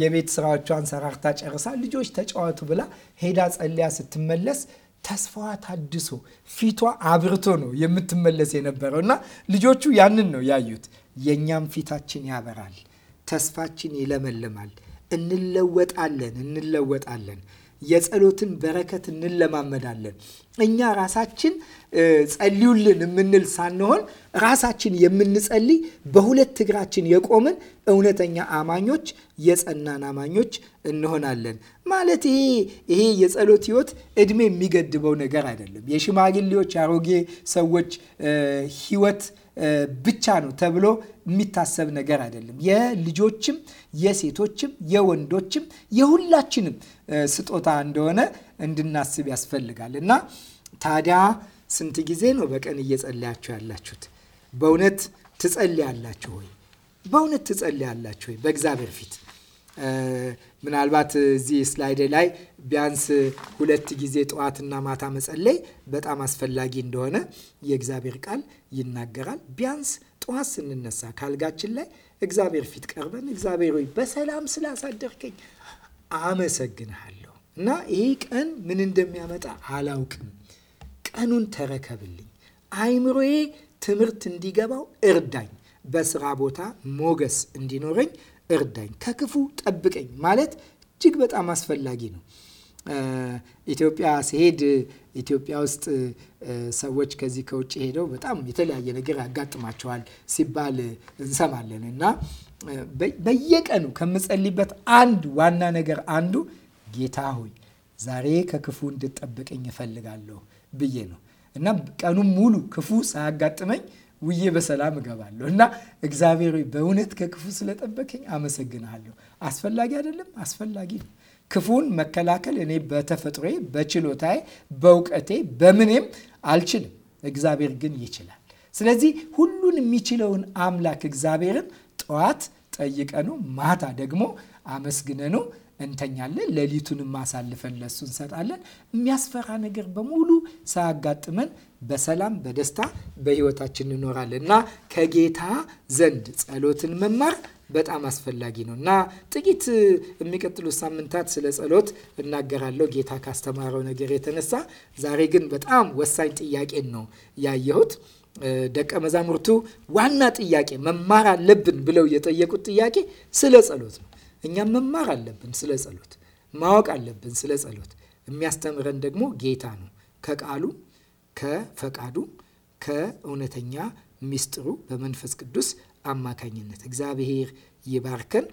የቤት ስራዎቿን ሰራርታ ጨርሳ ልጆች ተጫዋቱ ብላ ሄዳ ጸልያ ስትመለስ ተስፋዋ ታድሶ ፊቷ አብርቶ ነው የምትመለስ የነበረው እና ልጆቹ ያንን ነው ያዩት። የእኛም ፊታችን ያበራል፣ ተስፋችን ይለመልማል፣ እንለወጣለን እንለወጣለን። የጸሎትን በረከት እንለማመዳለን። እኛ ራሳችን ጸልዩልን የምንል ሳንሆን ራሳችን የምንጸልይ በሁለት እግራችን የቆምን እውነተኛ አማኞች፣ የጸናን አማኞች እንሆናለን። ማለት ይሄ ይሄ የጸሎት ህይወት እድሜ የሚገድበው ነገር አይደለም። የሽማግሌዎች አሮጌ ሰዎች ህይወት ብቻ ነው ተብሎ የሚታሰብ ነገር አይደለም። የልጆችም፣ የሴቶችም፣ የወንዶችም የሁላችንም ስጦታ እንደሆነ እንድናስብ ያስፈልጋል። እና ታዲያ ስንት ጊዜ ነው በቀን እየጸለያችሁ ያላችሁት? በእውነት ትጸልያላችሁ ወይ? በእውነት ትጸልያላችሁ ወይ? በእግዚአብሔር ፊት ምናልባት እዚህ ስላይድ ላይ ቢያንስ ሁለት ጊዜ ጠዋትና ማታ መጸለይ በጣም አስፈላጊ እንደሆነ የእግዚአብሔር ቃል ይናገራል። ቢያንስ ጠዋት ስንነሳ ካልጋችን ላይ እግዚአብሔር ፊት ቀርበን እግዚአብሔር ሆይ በሰላም ስላሳደርከኝ አመሰግንሃለሁ እና ይህ ቀን ምን እንደሚያመጣ አላውቅም። ቀኑን ተረከብልኝ። አይምሮዬ ትምህርት እንዲገባው እርዳኝ። በስራ ቦታ ሞገስ እንዲኖረኝ እርዳኝ። ከክፉ ጠብቀኝ ማለት እጅግ በጣም አስፈላጊ ነው። ኢትዮጵያ ሲሄድ ኢትዮጵያ ውስጥ ሰዎች ከዚህ ከውጭ ሄደው በጣም የተለያየ ነገር ያጋጥማቸዋል ሲባል እንሰማለን እና በየቀኑ ከምጸልይበት አንድ ዋና ነገር አንዱ ጌታ ሆይ ዛሬ ከክፉ እንድጠብቀኝ እፈልጋለሁ ብዬ ነው እና ቀኑን ሙሉ ክፉ ሳያጋጥመኝ ውዬ በሰላም እገባለሁ እና እግዚአብሔር በእውነት ከክፉ ስለጠበቀኝ አመሰግናለሁ አስፈላጊ አይደለም? አስፈላጊ ነው። ክፉን መከላከል እኔ በተፈጥሮዬ በችሎታዬ በእውቀቴ በምንም አልችልም። እግዚአብሔር ግን ይችላል። ስለዚህ ሁሉን የሚችለውን አምላክ እግዚአብሔርን ጠዋት ጠይቀኑ፣ ማታ ደግሞ አመስግነኑ እንተኛለን። ሌሊቱን ማሳልፈን ለሱ እንሰጣለን። የሚያስፈራ ነገር በሙሉ ሳያጋጥመን በሰላም በደስታ በህይወታችን እንኖራለን እና ከጌታ ዘንድ ጸሎትን መማር በጣም አስፈላጊ ነው እና ጥቂት የሚቀጥሉት ሳምንታት ስለ ጸሎት እናገራለሁ ጌታ ካስተማረው ነገር የተነሳ። ዛሬ ግን በጣም ወሳኝ ጥያቄን ነው ያየሁት። ደቀ መዛሙርቱ ዋና ጥያቄ መማር አለብን ብለው የጠየቁት ጥያቄ ስለ ጸሎት ነው። እኛም መማር አለብን ስለ ጸሎት፣ ማወቅ አለብን ስለ ጸሎት። የሚያስተምረን ደግሞ ጌታ ነው ከቃሉ ከፈቃዱ ከእውነተኛ ሚስጥሩ በመንፈስ ቅዱስ አማካኝነት እግዚአብሔር ይባርከን።